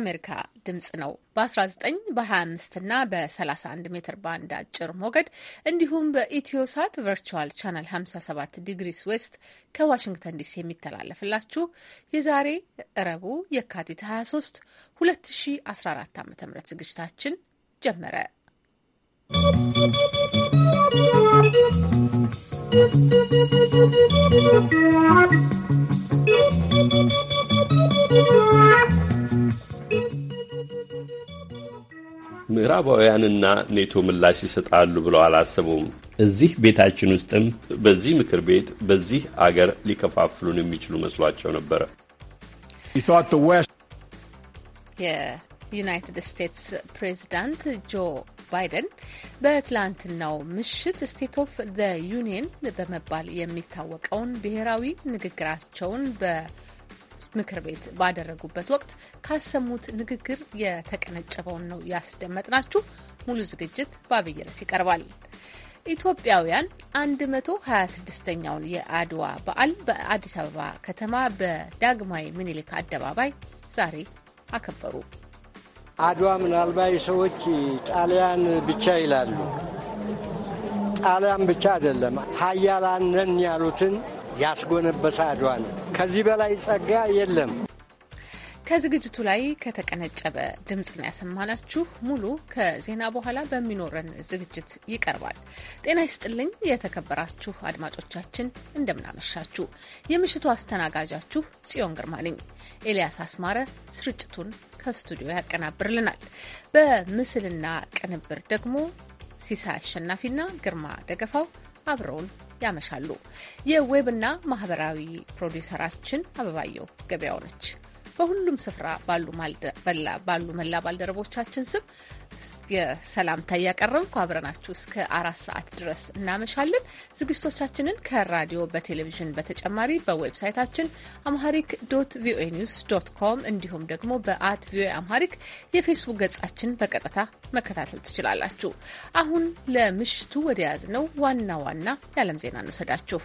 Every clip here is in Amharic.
የአሜሪካ ድምጽ ነው። በ19 በ25 እና በ31 ሜትር ባንድ አጭር ሞገድ እንዲሁም በኢትዮሳት ቨርቹዋል ቻናል 57 ዲግሪስ ዌስት ከዋሽንግተን ዲሲ የሚተላለፍላችሁ የዛሬ እረቡ የካቲት 23 2014 ዓ ም ዝግጅታችን ጀመረ። ¶¶ ምዕራባውያንና ኔቶ ምላሽ ይሰጣሉ ብለው አላሰቡም። እዚህ ቤታችን ውስጥም በዚህ ምክር ቤት በዚህ አገር ሊከፋፍሉን የሚችሉ መስሏቸው ነበረ። የዩናይትድ ስቴትስ ፕሬዚዳንት ጆ ባይደን በትላንትናው ምሽት ስቴት ኦፍ ዘ ዩኒየን በመባል የሚታወቀውን ብሔራዊ ንግግራቸውን በ ምክር ቤት ባደረጉበት ወቅት ካሰሙት ንግግር የተቀነጨበውን ነው ያስደመጥናችሁ። ሙሉ ዝግጅት በአብይ ርዕስ ይቀርባል። ኢትዮጵያውያን 126ኛውን የአድዋ በዓል በአዲስ አበባ ከተማ በዳግማዊ ምኒልክ አደባባይ ዛሬ አከበሩ። አድዋ ምናልባት ሰዎች ጣሊያን ብቻ ይላሉ። ጣሊያን ብቻ አይደለም ሀያላን ነን ያሉትን ያስጎነበሰ አድዋ ነው። ከዚህ በላይ ጸጋ የለም። ከዝግጅቱ ላይ ከተቀነጨበ ድምፅ ነው ያሰማናችሁ። ሙሉ ከዜና በኋላ በሚኖረን ዝግጅት ይቀርባል። ጤና ይስጥልኝ የተከበራችሁ አድማጮቻችን፣ እንደምናመሻችሁ። የምሽቱ አስተናጋጃችሁ ጽዮን ግርማ ነኝ። ኤልያስ አስማረ ስርጭቱን ከስቱዲዮ ያቀናብርልናል። በምስልና ቅንብር ደግሞ ሲሳ አሸናፊና ግርማ ደገፋው አብረውን ያመሻሉ። የዌብና ማህበራዊ ፕሮዲውሰራችን አበባየው ገበያው ነች። በሁሉም ስፍራ ባሉ መላ ባልደረቦቻችን ስም የሰላምታ እያቀረብኩ አብረናችሁ እስከ አራት ሰዓት ድረስ እናመሻለን። ዝግጅቶቻችንን ከራዲዮ በቴሌቪዥን በተጨማሪ በዌብሳይታችን አምሃሪክ ዶት ቪኦኤ ኒውስ ዶት ኮም እንዲሁም ደግሞ በአት ቪኦኤ አምሃሪክ የፌስቡክ ገጻችን በቀጥታ መከታተል ትችላላችሁ። አሁን ለምሽቱ ወደ ያዝነው ነው ዋና ዋና የዓለም ዜና እንውሰዳችሁ።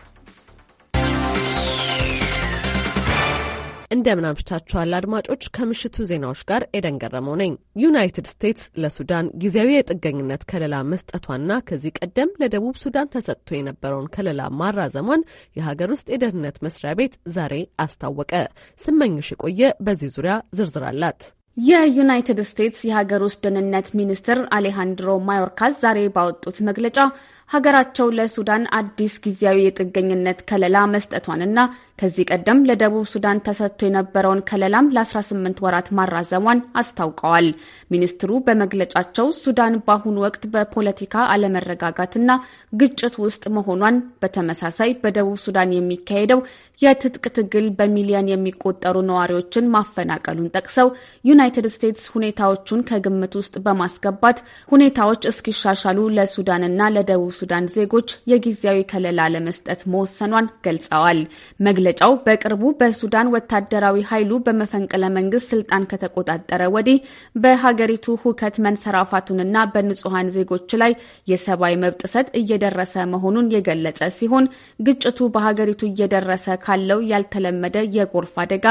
እንደምን አምሽታችኋል አድማጮች። ከምሽቱ ዜናዎች ጋር ኤደን ገረመው ነኝ። ዩናይትድ ስቴትስ ለሱዳን ጊዜያዊ የጥገኝነት ከለላ መስጠቷና ከዚህ ቀደም ለደቡብ ሱዳን ተሰጥቶ የነበረውን ከለላ ማራዘሟን የሀገር ውስጥ የደህንነት መስሪያ ቤት ዛሬ አስታወቀ። ስመኝሽ የቆየ በዚህ ዙሪያ ዝርዝር አላት። የዩናይትድ ስቴትስ የሀገር ውስጥ ደህንነት ሚኒስትር አሌሃንድሮ ማዮርካስ ዛሬ ባወጡት መግለጫ ሀገራቸው ለሱዳን አዲስ ጊዜያዊ የጥገኝነት ከለላ መስጠቷንና ከዚህ ቀደም ለደቡብ ሱዳን ተሰጥቶ የነበረውን ከለላም ለ18 ወራት ማራዘሟን አስታውቀዋል። ሚኒስትሩ በመግለጫቸው ሱዳን በአሁኑ ወቅት በፖለቲካ አለመረጋጋትና ግጭት ውስጥ መሆኗን፣ በተመሳሳይ በደቡብ ሱዳን የሚካሄደው የትጥቅ ትግል በሚሊዮን የሚቆጠሩ ነዋሪዎችን ማፈናቀሉን ጠቅሰው ዩናይትድ ስቴትስ ሁኔታዎቹን ከግምት ውስጥ በማስገባት ሁኔታዎች እስኪሻሻሉ ለሱዳንና ለደቡብ ሱዳን ዜጎች የጊዜያዊ ከለላ ለመስጠት መወሰኗን ገልጸዋል። መግለጫው በቅርቡ በሱዳን ወታደራዊ ኃይሉ በመፈንቅለ መንግስት ስልጣን ከተቆጣጠረ ወዲህ በሀገሪቱ ሁከት መንሰራፋቱንና በንጹሐን ዜጎች ላይ የሰብአዊ መብት ጥሰት እየደረሰ መሆኑን የገለጸ ሲሆን ግጭቱ በሀገሪቱ እየደረሰ ካለው ያልተለመደ የጎርፍ አደጋ፣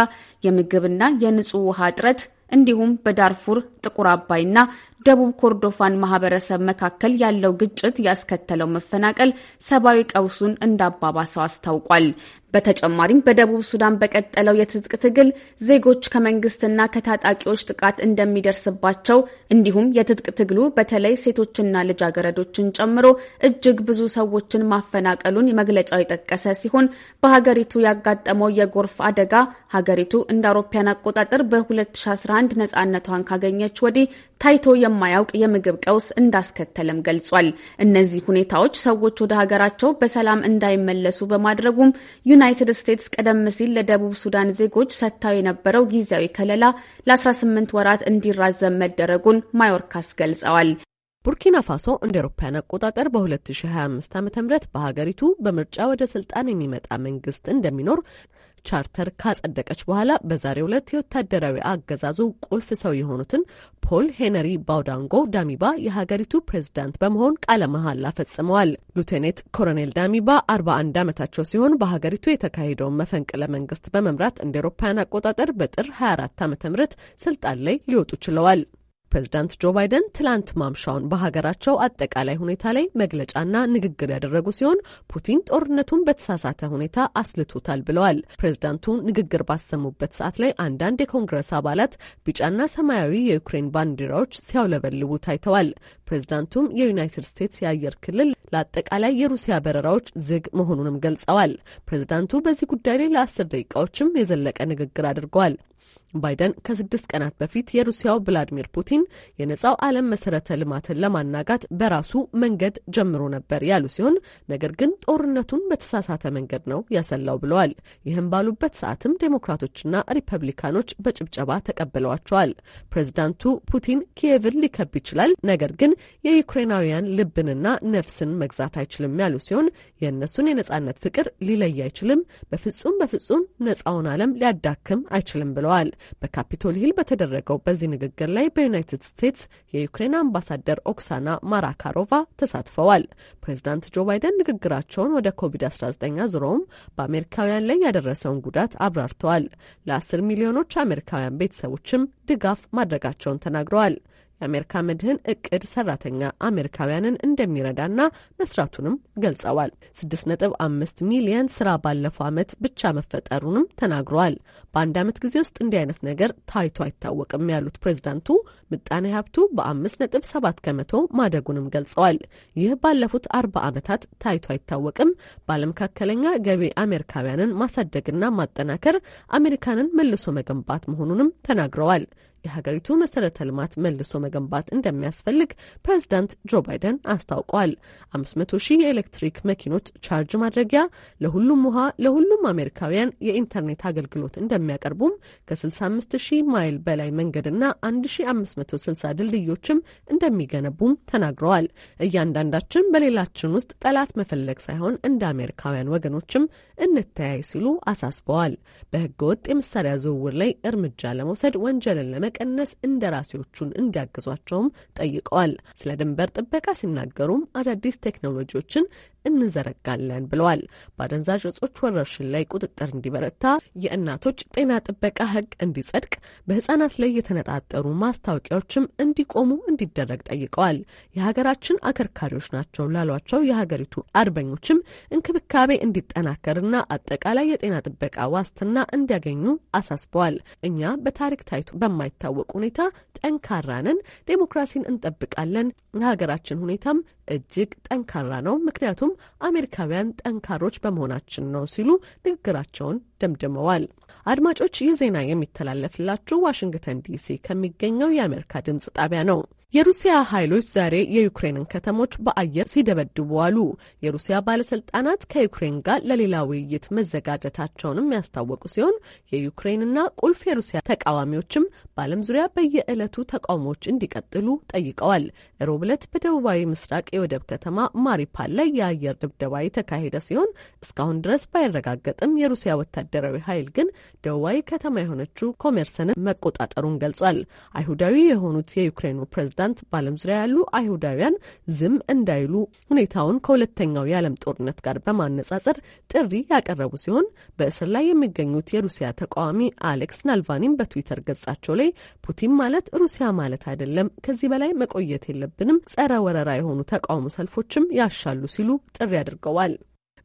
የምግብና የንጹህ ውሃ እጥረት እንዲሁም በዳርፉር ጥቁር አባይና ደቡብ ኮርዶፋን ማህበረሰብ መካከል ያለው ግጭት ያስከተለው መፈናቀል ሰብአዊ ቀውሱን እንዳባባሰው አስታውቋል። በተጨማሪም በደቡብ ሱዳን በቀጠለው የትጥቅ ትግል ዜጎች ከመንግስትና ከታጣቂዎች ጥቃት እንደሚደርስባቸው እንዲሁም የትጥቅ ትግሉ በተለይ ሴቶችና ልጃገረዶችን ጨምሮ እጅግ ብዙ ሰዎችን ማፈናቀሉን መግለጫው የጠቀሰ ሲሆን በሀገሪቱ ያጋጠመው የጎርፍ አደጋ ሀገሪቱ እንደ አውሮፓያን አቆጣጠር በ2011 ነፃነቷን ካገኘች ወዲህ ታይቶ የማያውቅ የምግብ ቀውስ እንዳስከተለም ገልጿል። እነዚህ ሁኔታዎች ሰዎች ወደ ሀገራቸው በሰላም እንዳይመለሱ በማድረጉም ዩናይትድ ስቴትስ ቀደም ሲል ለደቡብ ሱዳን ዜጎች ሰጥታው የነበረው ጊዜያዊ ከለላ ለ18 ወራት እንዲራዘም መደረጉን ማዮርካስ ገልጸዋል። ቡርኪና ፋሶ እንደ አውሮፓውያን አቆጣጠር በ2025 ዓ ም በሀገሪቱ በምርጫ ወደ ስልጣን የሚመጣ መንግስት እንደሚኖር ቻርተር ካጸደቀች በኋላ በዛሬው ዕለት የወታደራዊ አገዛዙ ቁልፍ ሰው የሆኑትን ፖል ሄነሪ ባውዳንጎ ዳሚባ የሀገሪቱ ፕሬዝዳንት በመሆን ቃለ መሐላ ፈጽመዋል። ሉቴኔት ኮሎኔል ዳሚባ 41 ዓመታቸው ሲሆን በሀገሪቱ የተካሄደውን መፈንቅለ መንግስት በመምራት እንደ ኤሮፓያን አቆጣጠር በጥር 24 ዓ ም ስልጣን ላይ ሊወጡ ችለዋል። ፕሬዚዳንት ጆ ባይደን ትላንት ማምሻውን በሀገራቸው አጠቃላይ ሁኔታ ላይ መግለጫና ንግግር ያደረጉ ሲሆን ፑቲን ጦርነቱን በተሳሳተ ሁኔታ አስልቶታል ብለዋል። ፕሬዚዳንቱ ንግግር ባሰሙበት ሰዓት ላይ አንዳንድ የኮንግረስ አባላት ቢጫና ሰማያዊ የዩክሬን ባንዲራዎች ሲያውለበልቡ ታይተዋል። ፕሬዝዳንቱም የዩናይትድ ስቴትስ የአየር ክልል ለአጠቃላይ የሩሲያ በረራዎች ዝግ መሆኑንም ገልጸዋል። ፕሬዚዳንቱ በዚህ ጉዳይ ላይ ለአስር ደቂቃዎችም የዘለቀ ንግግር አድርገዋል። ባይደን ከስድስት ቀናት በፊት የሩሲያው ቭላዲሚር ፑቲን የነጻው ዓለም መሰረተ ልማትን ለማናጋት በራሱ መንገድ ጀምሮ ነበር ያሉ ሲሆን ነገር ግን ጦርነቱን በተሳሳተ መንገድ ነው ያሰላው ብለዋል። ይህም ባሉበት ሰዓትም ዴሞክራቶችና ሪፐብሊካኖች በጭብጨባ ተቀብለዋቸዋል። ፕሬዚዳንቱ ፑቲን ኪየቭን ሊከብ ይችላል፣ ነገር ግን የዩክሬናውያን ልብንና ነፍስን መግዛት አይችልም ያሉ ሲሆን የእነሱን የነጻነት ፍቅር ሊለይ አይችልም፣ በፍጹም በፍጹም ነጻውን ዓለም ሊያዳክም አይችልም ብለዋል። በካፒቶል ሂል በተደረገው በዚህ ንግግር ላይ በዩናይትድ ስቴትስ የዩክሬን አምባሳደር ኦክሳና ማራካሮቫ ተሳትፈዋል። ፕሬዚዳንት ጆ ባይደን ንግግራቸውን ወደ ኮቪድ-19 አዙረውም በአሜሪካውያን ላይ ያደረሰውን ጉዳት አብራርተዋል። ለአስር ሚሊዮኖች አሜሪካውያን ቤተሰቦችም ድጋፍ ማድረጋቸውን ተናግረዋል። የአሜሪካ መድህን እቅድ ሰራተኛ አሜሪካውያንን እንደሚረዳና መስራቱንም ገልጸዋል። 6.5 ሚሊየን ስራ ባለፈው ዓመት ብቻ መፈጠሩንም ተናግረዋል። በአንድ ዓመት ጊዜ ውስጥ እንዲህ አይነት ነገር ታይቶ አይታወቅም ያሉት ፕሬዚዳንቱ ምጣኔ ሀብቱ በ5.7 ከመቶ ማደጉንም ገልጸዋል። ይህ ባለፉት አርባ ዓመታት ታይቶ አይታወቅም። ባለመካከለኛ ገቢ አሜሪካውያንን ማሳደግና ማጠናከር አሜሪካንን መልሶ መገንባት መሆኑንም ተናግረዋል። የሀገሪቱ መሰረተ ልማት መልሶ መገንባት እንደሚያስፈልግ ፕሬዚዳንት ጆ ባይደን አስታውቀዋል። አምስት መቶ ሺህ የኤሌክትሪክ መኪኖች ቻርጅ ማድረጊያ ለሁሉም ውሃ ለሁሉም አሜሪካውያን የኢንተርኔት አገልግሎት እንደሚያቀርቡም ከ65 ሺህ ማይል በላይ መንገድና 1560 ድልድዮችም እንደሚገነቡም ተናግረዋል። እያንዳንዳችን በሌላችን ውስጥ ጠላት መፈለግ ሳይሆን እንደ አሜሪካውያን ወገኖችም እንተያይ ሲሉ አሳስበዋል። በህገ ወጥ የመሳሪያ ዝውውር ላይ እርምጃ ለመውሰድ ወንጀልን ለመ በመቀነስ እንደራሴዎቹን እንዲያግዟቸውም ጠይቀዋል። ስለ ድንበር ጥበቃ ሲናገሩም አዳዲስ ቴክኖሎጂዎችን እንዘረጋለን ብለዋል። በአደንዛዥ እጾች ወረርሽኝ ላይ ቁጥጥር እንዲበረታ የእናቶች ጤና ጥበቃ ህግ እንዲጸድቅ፣ በህጻናት ላይ የተነጣጠሩ ማስታወቂያዎችም እንዲቆሙ እንዲደረግ ጠይቀዋል። የሀገራችን አከርካሪዎች ናቸው ላሏቸው የሀገሪቱ አርበኞችም እንክብካቤ እንዲጠናከርና አጠቃላይ የጤና ጥበቃ ዋስትና እንዲያገኙ አሳስበዋል። እኛ በታሪክ ታይቶ በማይታወቅ ሁኔታ ጠንካራ ነን፣ ዴሞክራሲን እንጠብቃለን፣ የሀገራችን ሁኔታም እጅግ ጠንካራ ነው፣ ምክንያቱም አሜሪካውያን ጠንካሮች በመሆናችን ነው ሲሉ ንግግራቸውን ደምድመዋል። አድማጮች ይህ ዜና የሚተላለፍላችሁ ዋሽንግተን ዲሲ ከሚገኘው የአሜሪካ ድምጽ ጣቢያ ነው። የሩሲያ ኃይሎች ዛሬ የዩክሬንን ከተሞች በአየር ሲደበድቡ አሉ። የሩሲያ ባለስልጣናት ከዩክሬን ጋር ለሌላ ውይይት መዘጋጀታቸውንም ያስታወቁ ሲሆን የዩክሬንና ቁልፍ የሩሲያ ተቃዋሚዎችም በዓለም ዙሪያ በየዕለቱ ተቃውሞዎች እንዲቀጥሉ ጠይቀዋል። ሮብ ዕለት በደቡባዊ ምስራቅ የወደብ ከተማ ማሪፓል ላይ የአየር ድብደባ የተካሄደ ሲሆን እስካሁን ድረስ ባይረጋገጥም የሩሲያ ወታደራዊ ኃይል ግን ደቡባዊ ከተማ የሆነችው ኮሜርሰንን መቆጣጠሩን ገልጿል። አይሁዳዊ የሆኑት የዩክሬኑ ፕሬዚዳንት ፕሬዝዳንት በዓለም ዙሪያ ያሉ አይሁዳውያን ዝም እንዳይሉ ሁኔታውን ከሁለተኛው የዓለም ጦርነት ጋር በማነጻጸር ጥሪ ያቀረቡ ሲሆን በእስር ላይ የሚገኙት የሩሲያ ተቃዋሚ አሌክስ ናልቫኒም በትዊተር ገጻቸው ላይ ፑቲን ማለት ሩሲያ ማለት አይደለም፣ ከዚህ በላይ መቆየት የለብንም፣ ጸረ ወረራ የሆኑ ተቃውሞ ሰልፎችም ያሻሉ ሲሉ ጥሪ አድርገዋል።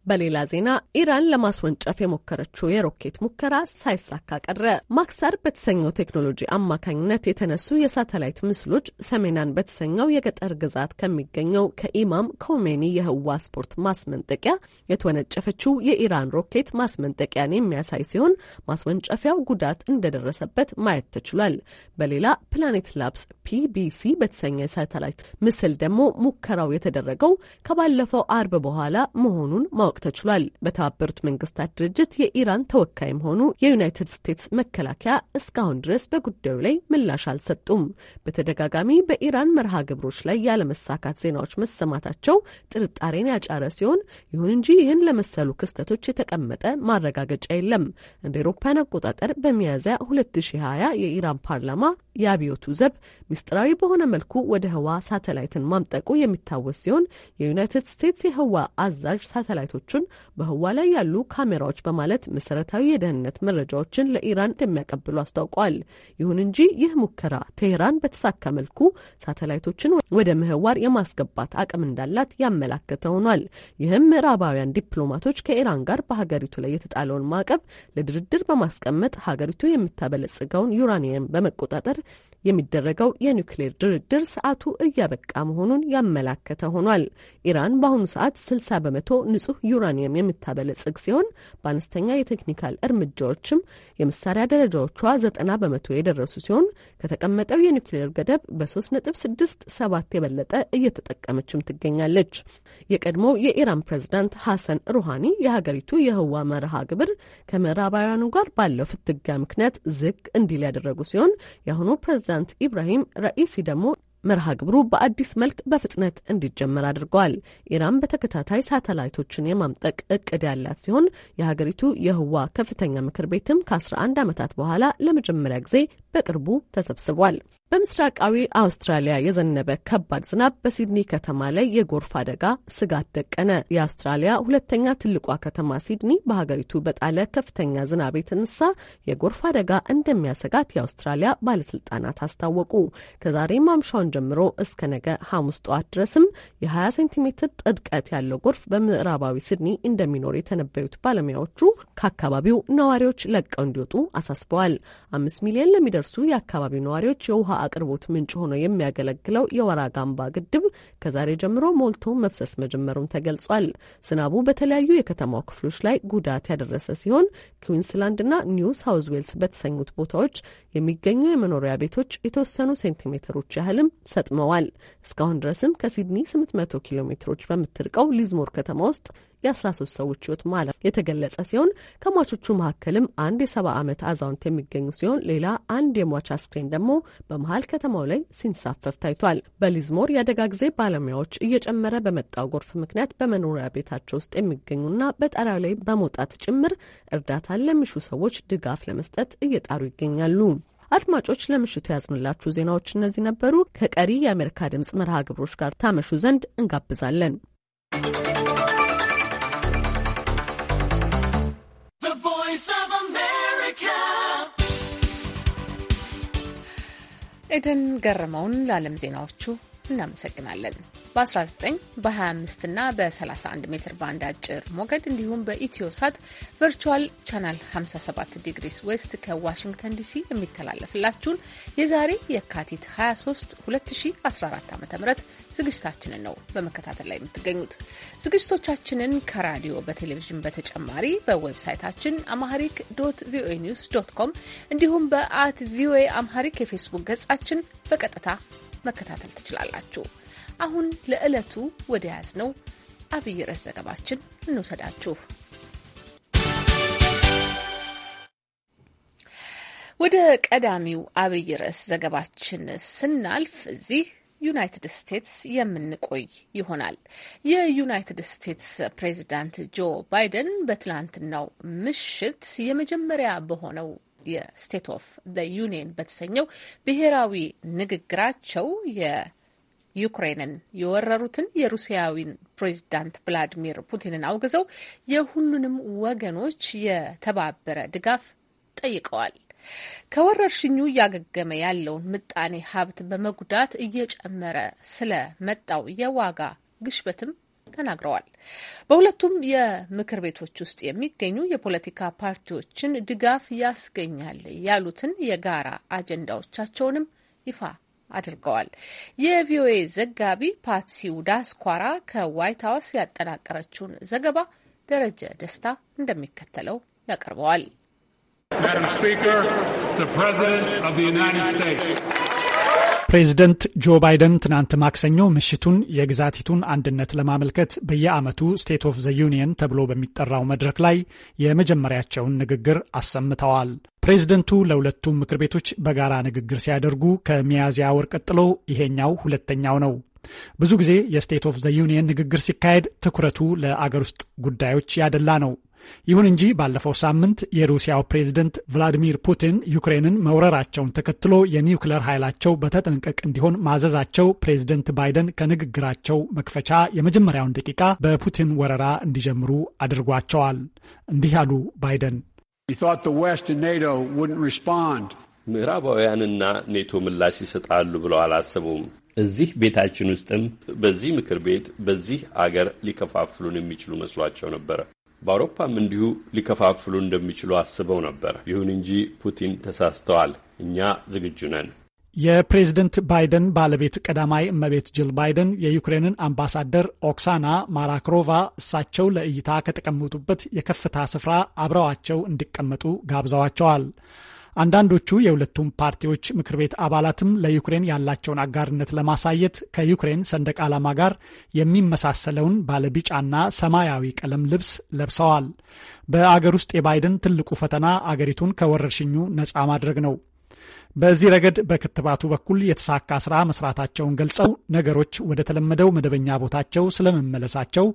በሌላ ዜና ኢራን ለማስወንጨፍ የሞከረችው የሮኬት ሙከራ ሳይሳካ ቀረ። ማክሳር በተሰኘው ቴክኖሎጂ አማካኝነት የተነሱ የሳተላይት ምስሎች ሰሜናን በተሰኘው የገጠር ግዛት ከሚገኘው ከኢማም ኮሜኒ የህዋ ስፖርት ማስመንጠቂያ የተወነጨፈችው የኢራን ሮኬት ማስመንጠቂያን የሚያሳይ ሲሆን ማስወንጨፊያው ጉዳት እንደደረሰበት ማየት ተችሏል። በሌላ ፕላኔት ላፕስ ፒቢሲ በተሰኘ ሳተላይት ምስል ደግሞ ሙከራው የተደረገው ከባለፈው አርብ በኋላ መሆኑን ማወቅ ተችሏል። በተባበሩት መንግስታት ድርጅት የኢራን ተወካይ መሆኑ የዩናይትድ ስቴትስ መከላከያ እስካሁን ድረስ በጉዳዩ ላይ ምላሽ አልሰጡም። በተደጋጋሚ በኢራን መርሃ ግብሮች ላይ ያለመሳካት ዜናዎች መሰማታቸው ጥርጣሬን ያጫረ ሲሆን ይሁን እንጂ ይህን ለመሰሉ ክስተቶች የተቀመጠ ማረጋገጫ የለም። እንደ ኤሮፓያን አቆጣጠር በሚያዝያ 2020 የኢራን ፓርላማ የአብዮቱ ዘብ ሚስጥራዊ በሆነ መልኩ ወደ ህዋ ሳተላይትን ማምጠቁ የሚታወስ ሲሆን የዩናይትድ ስቴትስ የህዋ አዛዥ ሳተላይቶ ድርጅቶቹን በህዋ ላይ ያሉ ካሜራዎች በማለት መሰረታዊ የደህንነት መረጃዎችን ለኢራን እንደሚያቀብሉ አስታውቋል። ይሁን እንጂ ይህ ሙከራ ቴሄራን በተሳካ መልኩ ሳተላይቶችን ወደ ምህዋር የማስገባት አቅም እንዳላት ያመላከተ ሆኗል። ይህም ምዕራባውያን ዲፕሎማቶች ከኢራን ጋር በሀገሪቱ ላይ የተጣለውን ማዕቀብ ለድርድር በማስቀመጥ ሀገሪቱ የምታበለጽገውን ዩራኒየም በመቆጣጠር የሚደረገው የኒውክሌር ድርድር ሰዓቱ እያበቃ መሆኑን ያመላከተ ሆኗል። ኢራን በአሁኑ ሰዓት 60 በመቶ ንጹህ ዩራኒየም የምታበለጽግ ሲሆን በአነስተኛ የቴክኒካል እርምጃዎችም የመሳሪያ ደረጃዎቿ ዘጠና በመቶ የደረሱ ሲሆን ከተቀመጠው የኒውክሌር ገደብ በ ነጥብ የበለጠ እየተጠቀመችም ትገኛለች። የቀድሞው የኢራን ፕሬዝዳንት ሐሰን ሩሃኒ የሀገሪቱ የህዋ መርሃ ግብር ከምዕራባውያኑ ጋር ባለው ፍትጋ ምክንያት ዝግ እንዲል ያደረጉ ሲሆን የአሁኑ ፕሬዝዳንት ኢብራሂም ራኢሲ ደግሞ መርሃ ግብሩ በአዲስ መልክ በፍጥነት እንዲጀመር አድርገዋል። ኢራን በተከታታይ ሳተላይቶችን የማምጠቅ እቅድ ያላት ሲሆን የሀገሪቱ የህዋ ከፍተኛ ምክር ቤትም ከ11 ዓመታት በኋላ ለመጀመሪያ ጊዜ በቅርቡ ተሰብስቧል። በምስራቃዊ አውስትራሊያ የዘነበ ከባድ ዝናብ በሲድኒ ከተማ ላይ የጎርፍ አደጋ ስጋት ደቀነ። የአውስትራሊያ ሁለተኛ ትልቋ ከተማ ሲድኒ በሀገሪቱ በጣለ ከፍተኛ ዝናብ የተነሳ የጎርፍ አደጋ እንደሚያሰጋት የአውስትራሊያ ባለስልጣናት አስታወቁ። ከዛሬ ማምሻውን ጀምሮ እስከ ነገ ሐሙስ ጠዋት ድረስም የ20 ሴንቲሜትር ጥድቀት ያለው ጎርፍ በምዕራባዊ ሲድኒ እንደሚኖር የተነበዩት ባለሙያዎቹ ከአካባቢው ነዋሪዎች ለቀው እንዲወጡ አሳስበዋል። አምስት ሚሊዮን ለሚደርሱ የአካባቢው ነዋሪዎች የውሃ አቅርቦት ምንጭ ሆኖ የሚያገለግለው የወራ ጋምባ ግድብ ከዛሬ ጀምሮ ሞልቶ መፍሰስ መጀመሩም ተገልጿል። ዝናቡ በተለያዩ የከተማው ክፍሎች ላይ ጉዳት ያደረሰ ሲሆን ክዊንስላንድና ኒው ሳውዝ ዌልስ በተሰኙት ቦታዎች የሚገኙ የመኖሪያ ቤቶች የተወሰኑ ሴንቲሜትሮች ያህልም ሰጥመዋል። እስካሁን ድረስም ከሲድኒ 800 ኪሎ ሜትሮች በምትርቀው ሊዝሞር ከተማ ውስጥ የ13 ሰዎች ህይወት ማለፍ የተገለጸ ሲሆን ከሟቾቹ መካከልም አንድ የሰባ ዓመት አዛውንት የሚገኙ ሲሆን ሌላ አንድ የሟች አስክሬን ደግሞ በመሀል ከተማው ላይ ሲንሳፈፍ ታይቷል። በሊዝሞር የአደጋ ጊዜ ባለሙያዎች እየጨመረ በመጣው ጎርፍ ምክንያት በመኖሪያ ቤታቸው ውስጥ የሚገኙና በጣሪያው ላይ በመውጣት ጭምር እርዳታን ለሚሹ ሰዎች ድጋፍ ለመስጠት እየጣሩ ይገኛሉ። አድማጮች ለምሽቱ ያዝንላችሁ ዜናዎች እነዚህ ነበሩ። ከቀሪ የአሜሪካ ድምፅ መርሃ ግብሮች ጋር ታመሹ ዘንድ እንጋብዛለን። ኤደን ገረመውን ለዓለም ዜናዎቹ እናመሰግናለን። በ19 በ25 እና በ31 ሜትር ባንድ አጭር ሞገድ እንዲሁም በኢትዮ ሳት ቨርቹዋል ቻናል 57 ዲግሪስ ዌስት ከዋሽንግተን ዲሲ የሚተላለፍላችሁን የዛሬ የካቲት 23 2014 ዓ ም ዝግጅታችንን ነው በመከታተል ላይ የምትገኙት። ዝግጅቶቻችንን ከራዲዮ በቴሌቪዥን በተጨማሪ በዌብሳይታችን አማሪክ ዶት ቪኦኤ ኒውስ ዶት ኮም እንዲሁም በአት ቪኦኤ አምሃሪክ የፌስቡክ ገጻችን በቀጥታ መከታተል ትችላላችሁ። አሁን ለዕለቱ ወደ ያዝ ነው አብይ ርዕስ ዘገባችን እንውሰዳችሁ። ወደ ቀዳሚው አብይ ርዕስ ዘገባችን ስናልፍ እዚህ ዩናይትድ ስቴትስ የምንቆይ ይሆናል። የዩናይትድ ስቴትስ ፕሬዚዳንት ጆ ባይደን በትላንትናው ምሽት የመጀመሪያ በሆነው የስቴት ኦፍ ደ ዩኒየን በተሰኘው ብሔራዊ ንግግራቸው የዩክሬንን የወረሩትን የሩሲያዊን ፕሬዚዳንት ቭላዲሚር ፑቲንን አውግዘው የሁሉንም ወገኖች የተባበረ ድጋፍ ጠይቀዋል። ከወረርሽኙ እያገገመ ያለውን ምጣኔ ሀብት በመጉዳት እየጨመረ ስለመጣው የዋጋ ግሽበትም ተናግረዋል። በሁለቱም የምክር ቤቶች ውስጥ የሚገኙ የፖለቲካ ፓርቲዎችን ድጋፍ ያስገኛል ያሉትን የጋራ አጀንዳዎቻቸውንም ይፋ አድርገዋል። የቪኦኤ ዘጋቢ ፓትሲው ዳስኳራ ከዋይት ሀውስ ያጠናቀረችውን ዘገባ ደረጀ ደስታ እንደሚከተለው ያቀርበዋል። ፕሬዚደንት ጆ ባይደን ትናንት ማክሰኞ ምሽቱን የግዛቲቱን አንድነት ለማመልከት በየዓመቱ ስቴት ኦፍ ዘ ዩኒየን ተብሎ በሚጠራው መድረክ ላይ የመጀመሪያቸውን ንግግር አሰምተዋል። ፕሬዝደንቱ ለሁለቱም ምክር ቤቶች በጋራ ንግግር ሲያደርጉ ከሚያዝያ ወር ቀጥሎ ይሄኛው ሁለተኛው ነው። ብዙ ጊዜ የስቴት ኦፍ ዘ ዩኒየን ንግግር ሲካሄድ ትኩረቱ ለአገር ውስጥ ጉዳዮች ያደላ ነው። ይሁን እንጂ ባለፈው ሳምንት የሩሲያው ፕሬዝደንት ቭላዲሚር ፑቲን ዩክሬንን መውረራቸውን ተከትሎ የኒውክሌር ኃይላቸው በተጠንቀቅ እንዲሆን ማዘዛቸው ፕሬዝደንት ባይደን ከንግግራቸው መክፈቻ የመጀመሪያውን ደቂቃ በፑቲን ወረራ እንዲጀምሩ አድርጓቸዋል። እንዲህ ያሉ ባይደን ምዕራባውያንና ኔቶ ምላሽ ይሰጣሉ ብለው አላሰቡም። እዚህ ቤታችን ውስጥም በዚህ ምክር ቤት በዚህ አገር ሊከፋፍሉን የሚችሉ መስሏቸው ነበረ። በአውሮፓም እንዲሁ ሊከፋፍሉ እንደሚችሉ አስበው ነበር። ይሁን እንጂ ፑቲን ተሳስተዋል፣ እኛ ዝግጁ ነን። የፕሬዝደንት ባይደን ባለቤት ቀዳማይ እመቤት ጅል ባይደን የዩክሬንን አምባሳደር ኦክሳና ማራክሮቫ እሳቸው ለእይታ ከተቀመጡበት የከፍታ ስፍራ አብረዋቸው እንዲቀመጡ ጋብዘዋቸዋል። አንዳንዶቹ የሁለቱም ፓርቲዎች ምክር ቤት አባላትም ለዩክሬን ያላቸውን አጋርነት ለማሳየት ከዩክሬን ሰንደቅ ዓላማ ጋር የሚመሳሰለውን ባለቢጫና ሰማያዊ ቀለም ልብስ ለብሰዋል። በአገር ውስጥ የባይደን ትልቁ ፈተና አገሪቱን ከወረርሽኙ ነፃ ማድረግ ነው። በዚህ ረገድ በክትባቱ በኩል የተሳካ ስራ መስራታቸውን ገልጸው ነገሮች ወደ ተለመደው መደበኛ ቦታቸው ስለመመለሳቸው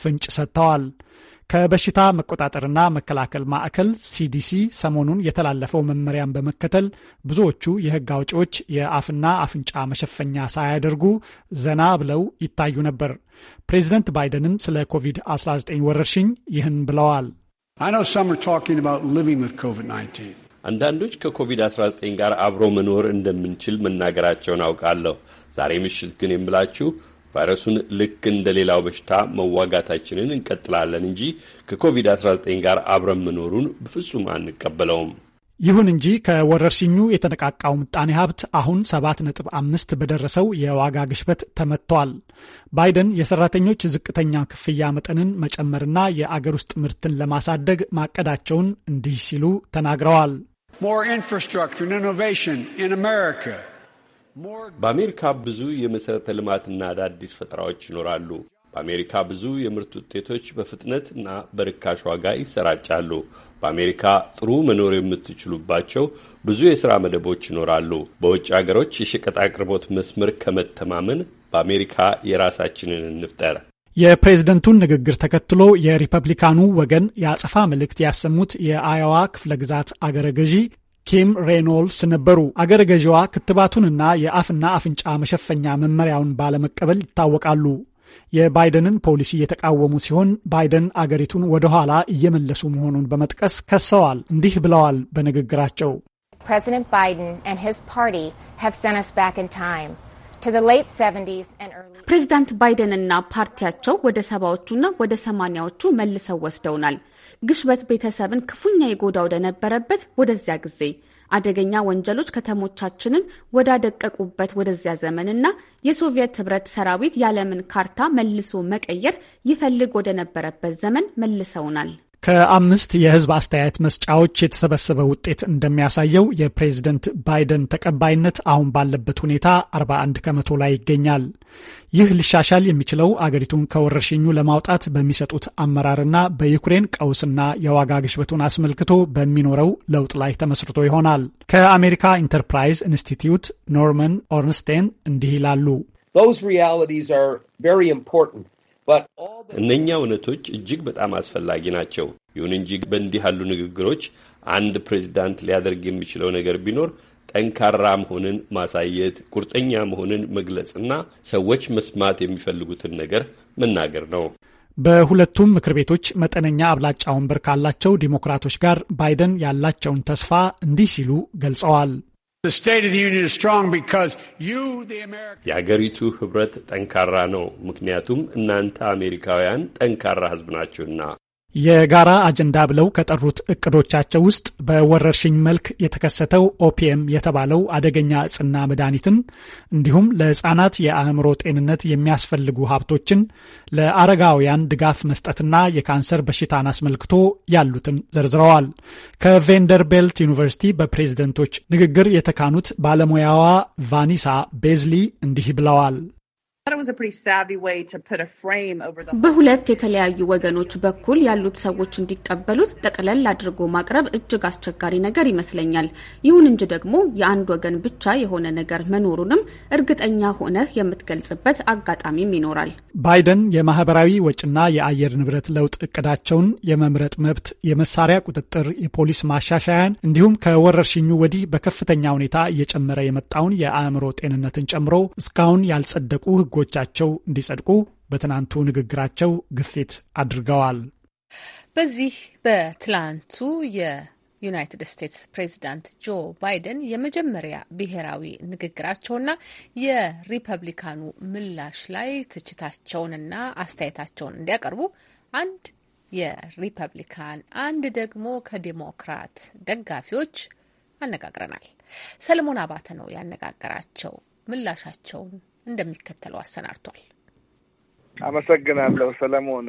ፍንጭ ሰጥተዋል። ከበሽታ መቆጣጠርና መከላከል ማዕከል ሲዲሲ ሰሞኑን የተላለፈው መመሪያን በመከተል ብዙዎቹ የሕግ አውጪዎች የአፍና አፍንጫ መሸፈኛ ሳያደርጉ ዘና ብለው ይታዩ ነበር። ፕሬዚደንት ባይደንም ስለ ኮቪድ-19 ወረርሽኝ ይህን ብለዋል። I know some are talking about living with COVID-19. አንዳንዶች ከኮቪድ-19 ጋር አብሮ መኖር እንደምንችል መናገራቸውን አውቃለሁ። ዛሬ ምሽት ግን የምላችሁ ቫይረሱን ልክ እንደ ሌላው በሽታ መዋጋታችንን እንቀጥላለን እንጂ ከኮቪድ-19 ጋር አብረን መኖሩን በፍጹም አንቀበለውም። ይሁን እንጂ ከወረርሽኙ የተነቃቃው ምጣኔ ሀብት አሁን 7.5 በደረሰው የዋጋ ግሽበት ተመትቷል። ባይደን የሰራተኞች ዝቅተኛ ክፍያ መጠንን መጨመርና የአገር ውስጥ ምርትን ለማሳደግ ማቀዳቸውን እንዲህ ሲሉ ተናግረዋል። በአሜሪካ ብዙ የመሠረተ ልማትና አዳዲስ ፈጠራዎች ይኖራሉ። በአሜሪካ ብዙ የምርት ውጤቶች በፍጥነት እና በርካሽ ዋጋ ይሰራጫሉ። በአሜሪካ ጥሩ መኖር የምትችሉባቸው ብዙ የሥራ መደቦች ይኖራሉ። በውጭ አገሮች የሸቀጥ አቅርቦት መስመር ከመተማመን በአሜሪካ የራሳችንን እንፍጠር። የፕሬዝደንቱን ንግግር ተከትሎ የሪፐብሊካኑ ወገን የአጸፋ መልእክት ያሰሙት የአዮዋ ክፍለ ግዛት አገረ ገዢ ኪም ሬኖልስ ነበሩ። አገረ ገዢዋ ክትባቱንና የአፍና አፍንጫ መሸፈኛ መመሪያውን ባለመቀበል ይታወቃሉ። የባይደንን ፖሊሲ የተቃወሙ ሲሆን ባይደን አገሪቱን ወደ ኋላ እየመለሱ መሆኑን በመጥቀስ ከሰዋል። እንዲህ ብለዋል በንግግራቸው ፕሬዚደንት ባይደን and his party have sent us ፕሬዚዳንት ባይደንና ፓርቲያቸው ወደ ሰባዎቹና ወደ ሰማኒያዎቹ መልሰው ወስደውናል። ግሽበት ቤተሰብን ክፉኛ የጎዳ ወደነበረበት ወደዚያ ጊዜ አደገኛ ወንጀሎች ከተሞቻችንን ወዳደቀቁበት ወደዚያ ዘመንና የሶቪየት ህብረት ሰራዊት ያለምን ካርታ መልሶ መቀየር ይፈልግ ወደነበረበት ዘመን መልሰውናል። ከአምስት የህዝብ አስተያየት መስጫዎች የተሰበሰበ ውጤት እንደሚያሳየው የፕሬዝደንት ባይደን ተቀባይነት አሁን ባለበት ሁኔታ 41 ከመቶ ላይ ይገኛል። ይህ ሊሻሻል የሚችለው አገሪቱን ከወረርሽኙ ለማውጣት በሚሰጡት አመራርና በዩክሬን ቀውስና የዋጋ ግሽበቱን አስመልክቶ በሚኖረው ለውጥ ላይ ተመስርቶ ይሆናል። ከአሜሪካ ኢንተርፕራይዝ ኢንስቲትዩት ኖርመን ኦርንስቴን እንዲህ ይላሉ። Those realities are very important. እነኛ እውነቶች እጅግ በጣም አስፈላጊ ናቸው። ይሁን እንጂ በእንዲህ ያሉ ንግግሮች አንድ ፕሬዚዳንት ሊያደርግ የሚችለው ነገር ቢኖር ጠንካራ መሆንን ማሳየት፣ ቁርጠኛ መሆንን መግለጽና ሰዎች መስማት የሚፈልጉትን ነገር መናገር ነው። በሁለቱም ምክር ቤቶች መጠነኛ አብላጫ ወንበር ካላቸው ዲሞክራቶች ጋር ባይደን ያላቸውን ተስፋ እንዲህ ሲሉ ገልጸዋል። የአገሪቱ ህብረት ጠንካራ ነው፣ ምክንያቱም እናንተ አሜሪካውያን ጠንካራ ህዝብ ናችሁና። የጋራ አጀንዳ ብለው ከጠሩት እቅዶቻቸው ውስጥ በወረርሽኝ መልክ የተከሰተው ኦፒኤም የተባለው አደገኛ እጽና መድኃኒትን እንዲሁም ለሕፃናት የአእምሮ ጤንነት የሚያስፈልጉ ሀብቶችን ለአረጋውያን ድጋፍ መስጠትና የካንሰር በሽታን አስመልክቶ ያሉትን ዘርዝረዋል። ከቬንደርቤልት ዩኒቨርሲቲ በፕሬዝደንቶች ንግግር የተካኑት ባለሙያዋ ቫኒሳ ቤዝሊ እንዲህ ብለዋል። በሁለት የተለያዩ ወገኖች በኩል ያሉት ሰዎች እንዲቀበሉት ጠቅለል አድርጎ ማቅረብ እጅግ አስቸጋሪ ነገር ይመስለኛል። ይሁን እንጂ ደግሞ የአንድ ወገን ብቻ የሆነ ነገር መኖሩንም እርግጠኛ ሆነህ የምትገልጽበት አጋጣሚም ይኖራል። ባይደን የማህበራዊ ወጪና የአየር ንብረት ለውጥ እቅዳቸውን የመምረጥ መብት፣ የመሳሪያ ቁጥጥር፣ የፖሊስ ማሻሻያን እንዲሁም ከወረርሽኙ ወዲህ በከፍተኛ ሁኔታ እየጨመረ የመጣውን የአእምሮ ጤንነትን ጨምሮ እስካሁን ያልጸደቁ ሕጎቻቸው እንዲጸድቁ በትናንቱ ንግግራቸው ግፊት አድርገዋል። በዚህ በትላንቱ የዩናይትድ ስቴትስ ፕሬዚዳንት ጆ ባይደን የመጀመሪያ ብሔራዊ ንግግራቸውና የሪፐብሊካኑ ምላሽ ላይ ትችታቸውንና አስተያየታቸውን እንዲያቀርቡ አንድ የሪፐብሊካን አንድ ደግሞ ከዲሞክራት ደጋፊዎች አነጋግረናል። ሰለሞን አባተ ነው ያነጋገራቸው። ምላሻቸውን እንደሚከተለው አሰናድቷል። አመሰግናለሁ ሰለሞን።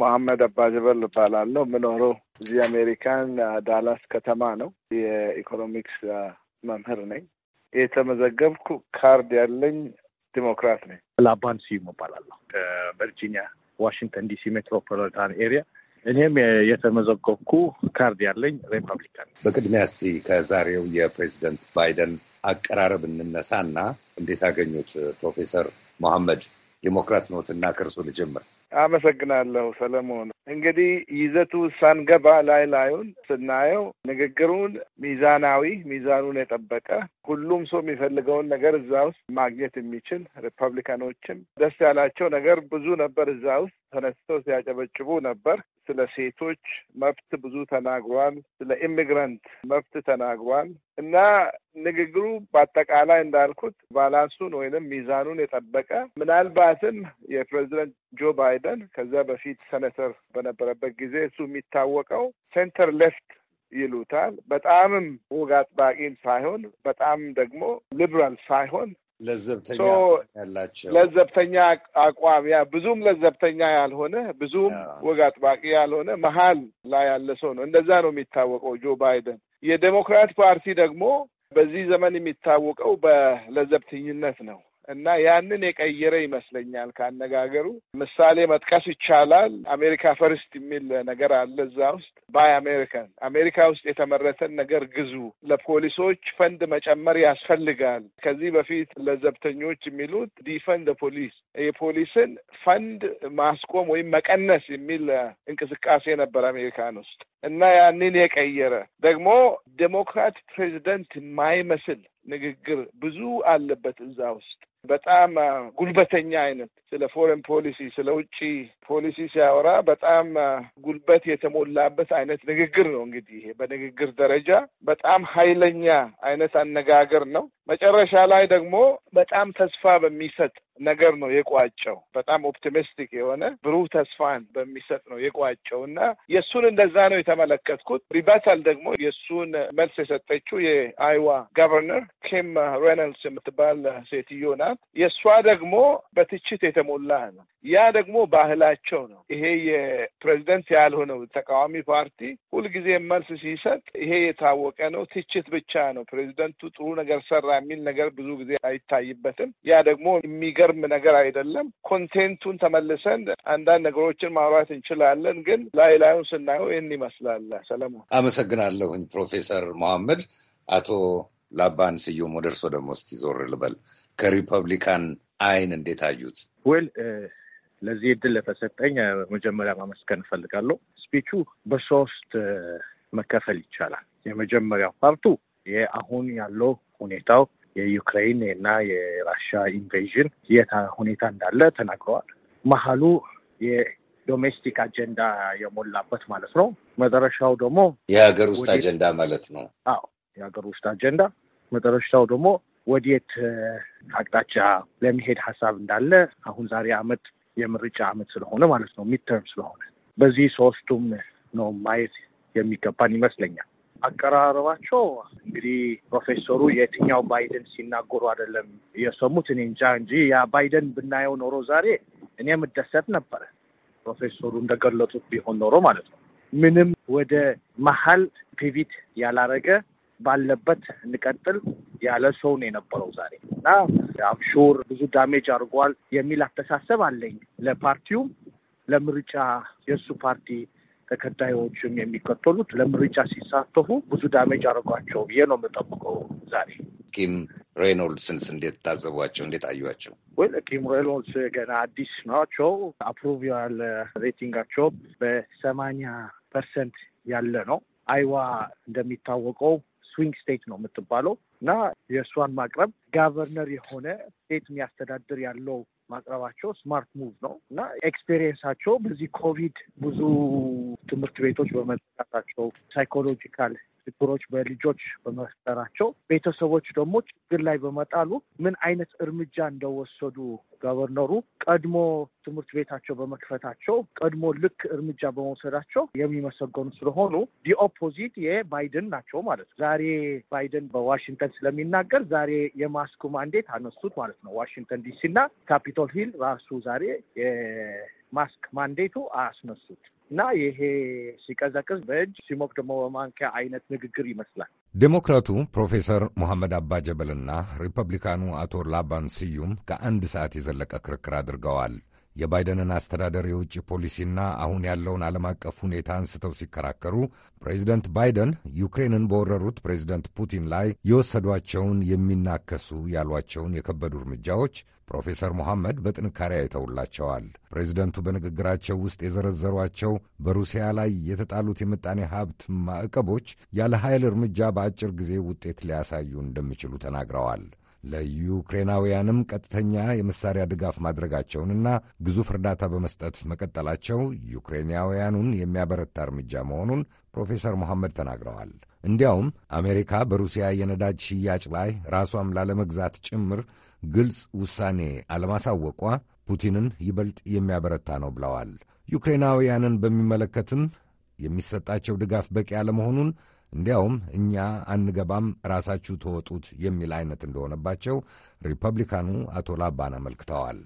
መሐመድ አባጀበል እባላለሁ። የምኖረው እዚህ አሜሪካን ዳላስ ከተማ ነው። የኢኮኖሚክስ መምህር ነኝ። የተመዘገብኩ ካርድ ያለኝ ዲሞክራት ነኝ። ላባን ስዩም እባላለሁ ከቨርጂኒያ ዋሽንግተን ዲሲ ሜትሮፖሊታን ኤሪያ እኔም የተመዘገብኩ ካርድ ያለኝ ሪፐብሊካን። በቅድሚያ እስቲ ከዛሬው የፕሬዚደንት ባይደን አቀራረብ እና እንዴት አገኙት? ፕሮፌሰር መሐመድ ዴሞክራት ኖትና ከእርሶ ልጀምር። አመሰግናለሁ ሰለሞን። እንግዲህ ይዘቱ ሳንገባ ላይ ላዩን ስናየው ንግግሩን ሚዛናዊ፣ ሚዛኑን የጠበቀ ሁሉም ሰው የሚፈልገውን ነገር እዛ ውስጥ ማግኘት የሚችል ሪፐብሊካኖችም ደስ ያላቸው ነገር ብዙ ነበር። እዛ ውስጥ ተነስተው ሲያጨበጭቡ ነበር። ስለ ሴቶች መብት ብዙ ተናግሯል። ስለ ኢሚግራንት መብት ተናግሯል እና ንግግሩ በአጠቃላይ እንዳልኩት ባላንሱን ወይንም ሚዛኑን የጠበቀ ምናልባትም የፕሬዚደንት ጆ ባይደን ከዛ በፊት ሰነተር በነበረበት ጊዜ እሱ የሚታወቀው ሴንተር ሌፍት ይሉታል በጣምም ወግ አጥባቂም ሳይሆን በጣም ደግሞ ሊብራል ሳይሆን ለዘብተኛ አቋሚያ አቋም ያ ብዙም ለዘብተኛ ያልሆነ ብዙም ወግ አጥባቂ ያልሆነ መሀል ላይ ያለ ሰው ነው። እንደዛ ነው የሚታወቀው ጆ ባይደን። የዴሞክራት ፓርቲ ደግሞ በዚህ ዘመን የሚታወቀው በለዘብተኝነት ነው። እና ያንን የቀየረ ይመስለኛል። ከአነጋገሩ ምሳሌ መጥቀስ ይቻላል። አሜሪካ ፈርስት የሚል ነገር አለ። እዛ ውስጥ ባይ አሜሪካን፣ አሜሪካ ውስጥ የተመረተን ነገር ግዙ፣ ለፖሊሶች ፈንድ መጨመር ያስፈልጋል። ከዚህ በፊት ለዘብተኞች የሚሉት ዲፈንድ ፖሊስ የፖሊስን ፈንድ ማስቆም ወይም መቀነስ የሚል እንቅስቃሴ ነበር አሜሪካን ውስጥ እና ያንን የቀየረ ደግሞ ዴሞክራት ፕሬዚደንት የማይመስል ንግግር ብዙ አለበት እዛ ውስጥ በጣም ጉልበተኛ አይነት ስለ ፎሬን ፖሊሲ ስለ ውጭ ፖሊሲ ሲያወራ በጣም ጉልበት የተሞላበት አይነት ንግግር ነው። እንግዲህ ይሄ በንግግር ደረጃ በጣም ኃይለኛ አይነት አነጋገር ነው። መጨረሻ ላይ ደግሞ በጣም ተስፋ በሚሰጥ ነገር ነው የቋጨው። በጣም ኦፕቲሚስቲክ የሆነ ብሩህ ተስፋን በሚሰጥ ነው የቋጨው እና የእሱን እንደዛ ነው የተመለከትኩት። ሪበታል ደግሞ የእሱን መልስ የሰጠችው የአይዋ ጋቨርነር ኪም ሬኖልድስ የምትባል ሴትዮ ናት። የእሷ ደግሞ በትችት የተሞላ ነው። ያ ደግሞ ባህላቸው ነው። ይሄ የፕሬዚደንት ያልሆነው ተቃዋሚ ፓርቲ ሁልጊዜ መልስ ሲሰጥ ይሄ የታወቀ ነው። ትችት ብቻ ነው። ፕሬዚደንቱ ጥሩ ነገር ሰራ የሚል ነገር ብዙ ጊዜ አይታይበትም። ያ ደግሞ የሚገርም ነገር አይደለም። ኮንቴንቱን ተመልሰን አንዳንድ ነገሮችን ማውራት እንችላለን፣ ግን ላይ ላዩን ስናየው ይህን ይመስላል። ሰለሞን አመሰግናለሁኝ። ፕሮፌሰር መሐመድ አቶ ላባን ስዩም ወደ እርሶ ደግሞ እስቲ ዞር ልበል። ከሪፐብሊካን አይን እንዴት አዩት? ወል ለዚህ እድል ለተሰጠኝ መጀመሪያ ማመስገን እፈልጋለሁ። ስፒቹ በሶስት መከፈል ይቻላል። የመጀመሪያው ፓርቱ የአሁን ያለው ሁኔታው የዩክሬን እና የራሻ ኢንቬዥን የት ሁኔታ እንዳለ ተናግረዋል። መሀሉ የዶሜስቲክ አጀንዳ የሞላበት ማለት ነው። መጨረሻው ደግሞ የሀገር ውስጥ አጀንዳ ማለት ነው። አዎ የሀገር ውስጥ አጀንዳ መጨረሻው ደግሞ ወዴት አቅጣጫ ለመሄድ ሀሳብ እንዳለ አሁን ዛሬ አመት የምርጫ አመት ስለሆነ ማለት ነው ሚድተርም ስለሆነ በዚህ ሶስቱም ነው ማየት የሚገባን ይመስለኛል። አቀራረባቸው እንግዲህ ፕሮፌሰሩ የትኛው ባይደን ሲናገሩ አይደለም የሰሙት እኔ እንጃ እንጂ ያ ባይደን ብናየው ኖሮ ዛሬ እኔ የምደሰት ነበረ። ፕሮፌሰሩ እንደገለጡት ቢሆን ኖሮ ማለት ነው ምንም ወደ መሀል ፒቪት ያላረገ ባለበት እንቀጥል ያለ ሰው ነው የነበረው ዛሬ እና አምሹር ብዙ ዳሜጅ አድርጓል የሚል አስተሳሰብ አለኝ ለፓርቲውም ለምርጫ የእሱ ፓርቲ ተከታዮችም የሚከተሉት ለምርጫ ሲሳተፉ ብዙ ዳሜጅ አድርጓቸው ብዬ ነው የምጠብቀው። ዛሬ ኪም ሬይኖልድስንስ እንዴት ታዘቧቸው? እንዴት አዩቸው? ወይ ኪም ሬኖልድስ ገና አዲስ ናቸው። አፕሩቭ ያለ ሬቲንጋቸው በሰማኒያ ፐርሰንት ያለ ነው። አይዋ እንደሚታወቀው ስዊንግ ስቴት ነው የምትባለው እና የእሷን ማቅረብ ጋቨርነር የሆነ ስቴት የሚያስተዳድር ያለው ማቅረባቸው ስማርት ሙቭ ነው እና ኤክስፔሪየንሳቸው በዚህ ኮቪድ ብዙ ትምህርት ቤቶች በመዘጋታቸው ሳይኮሎጂካል ችግሮች በልጆች በመፍጠራቸው ቤተሰቦች ደግሞ ችግር ላይ በመጣሉ ምን አይነት እርምጃ እንደወሰዱ ገቨርነሩ ቀድሞ ትምህርት ቤታቸው በመክፈታቸው ቀድሞ ልክ እርምጃ በመውሰዳቸው የሚመሰገኑ ስለሆኑ ዲኦፖዚት የባይደን ናቸው ማለት ነው። ዛሬ ባይደን በዋሽንግተን ስለሚናገር ዛሬ የማስኩ ማንዴት አነሱት ማለት ነው። ዋሽንግተን ዲሲ እና ካፒቶል ሂል ራሱ ዛሬ የማስክ ማንዴቱ አያስነሱት እና ይሄ ሲቀዘቅዝ በእጅ ሲሞቅ ደግሞ በማንኪያ አይነት ንግግር ይመስላል። ዴሞክራቱ ፕሮፌሰር ሙሐመድ አባ ጀበልና ሪፐብሊካኑ አቶ ላባን ስዩም ከአንድ ሰዓት የዘለቀ ክርክር አድርገዋል። የባይደንን አስተዳደር የውጭ ፖሊሲና አሁን ያለውን ዓለም አቀፍ ሁኔታ አንስተው ሲከራከሩ ፕሬዚደንት ባይደን ዩክሬንን በወረሩት ፕሬዚደንት ፑቲን ላይ የወሰዷቸውን የሚናከሱ ያሏቸውን የከበዱ እርምጃዎች ፕሮፌሰር ሙሐመድ በጥንካሬ አይተውላቸዋል። ፕሬዚደንቱ በንግግራቸው ውስጥ የዘረዘሯቸው በሩሲያ ላይ የተጣሉት የምጣኔ ሀብት ማዕቀቦች ያለ ኃይል እርምጃ በአጭር ጊዜ ውጤት ሊያሳዩ እንደሚችሉ ተናግረዋል። ለዩክሬናውያንም ቀጥተኛ የመሳሪያ ድጋፍ ማድረጋቸውንና ግዙፍ እርዳታ በመስጠት መቀጠላቸው ዩክሬናውያኑን የሚያበረታ እርምጃ መሆኑን ፕሮፌሰር መሐመድ ተናግረዋል። እንዲያውም አሜሪካ በሩሲያ የነዳጅ ሽያጭ ላይ ራሷም ላለመግዛት ጭምር ግልጽ ውሳኔ አለማሳወቋ ፑቲንን ይበልጥ የሚያበረታ ነው ብለዋል። ዩክሬናውያንን በሚመለከትም የሚሰጣቸው ድጋፍ በቂ አለመሆኑን እንዲያውም እኛ አንገባም፣ ራሳችሁ ተወጡት የሚል አይነት እንደሆነባቸው ሪፐብሊካኑ አቶ ላባን አመልክተዋል።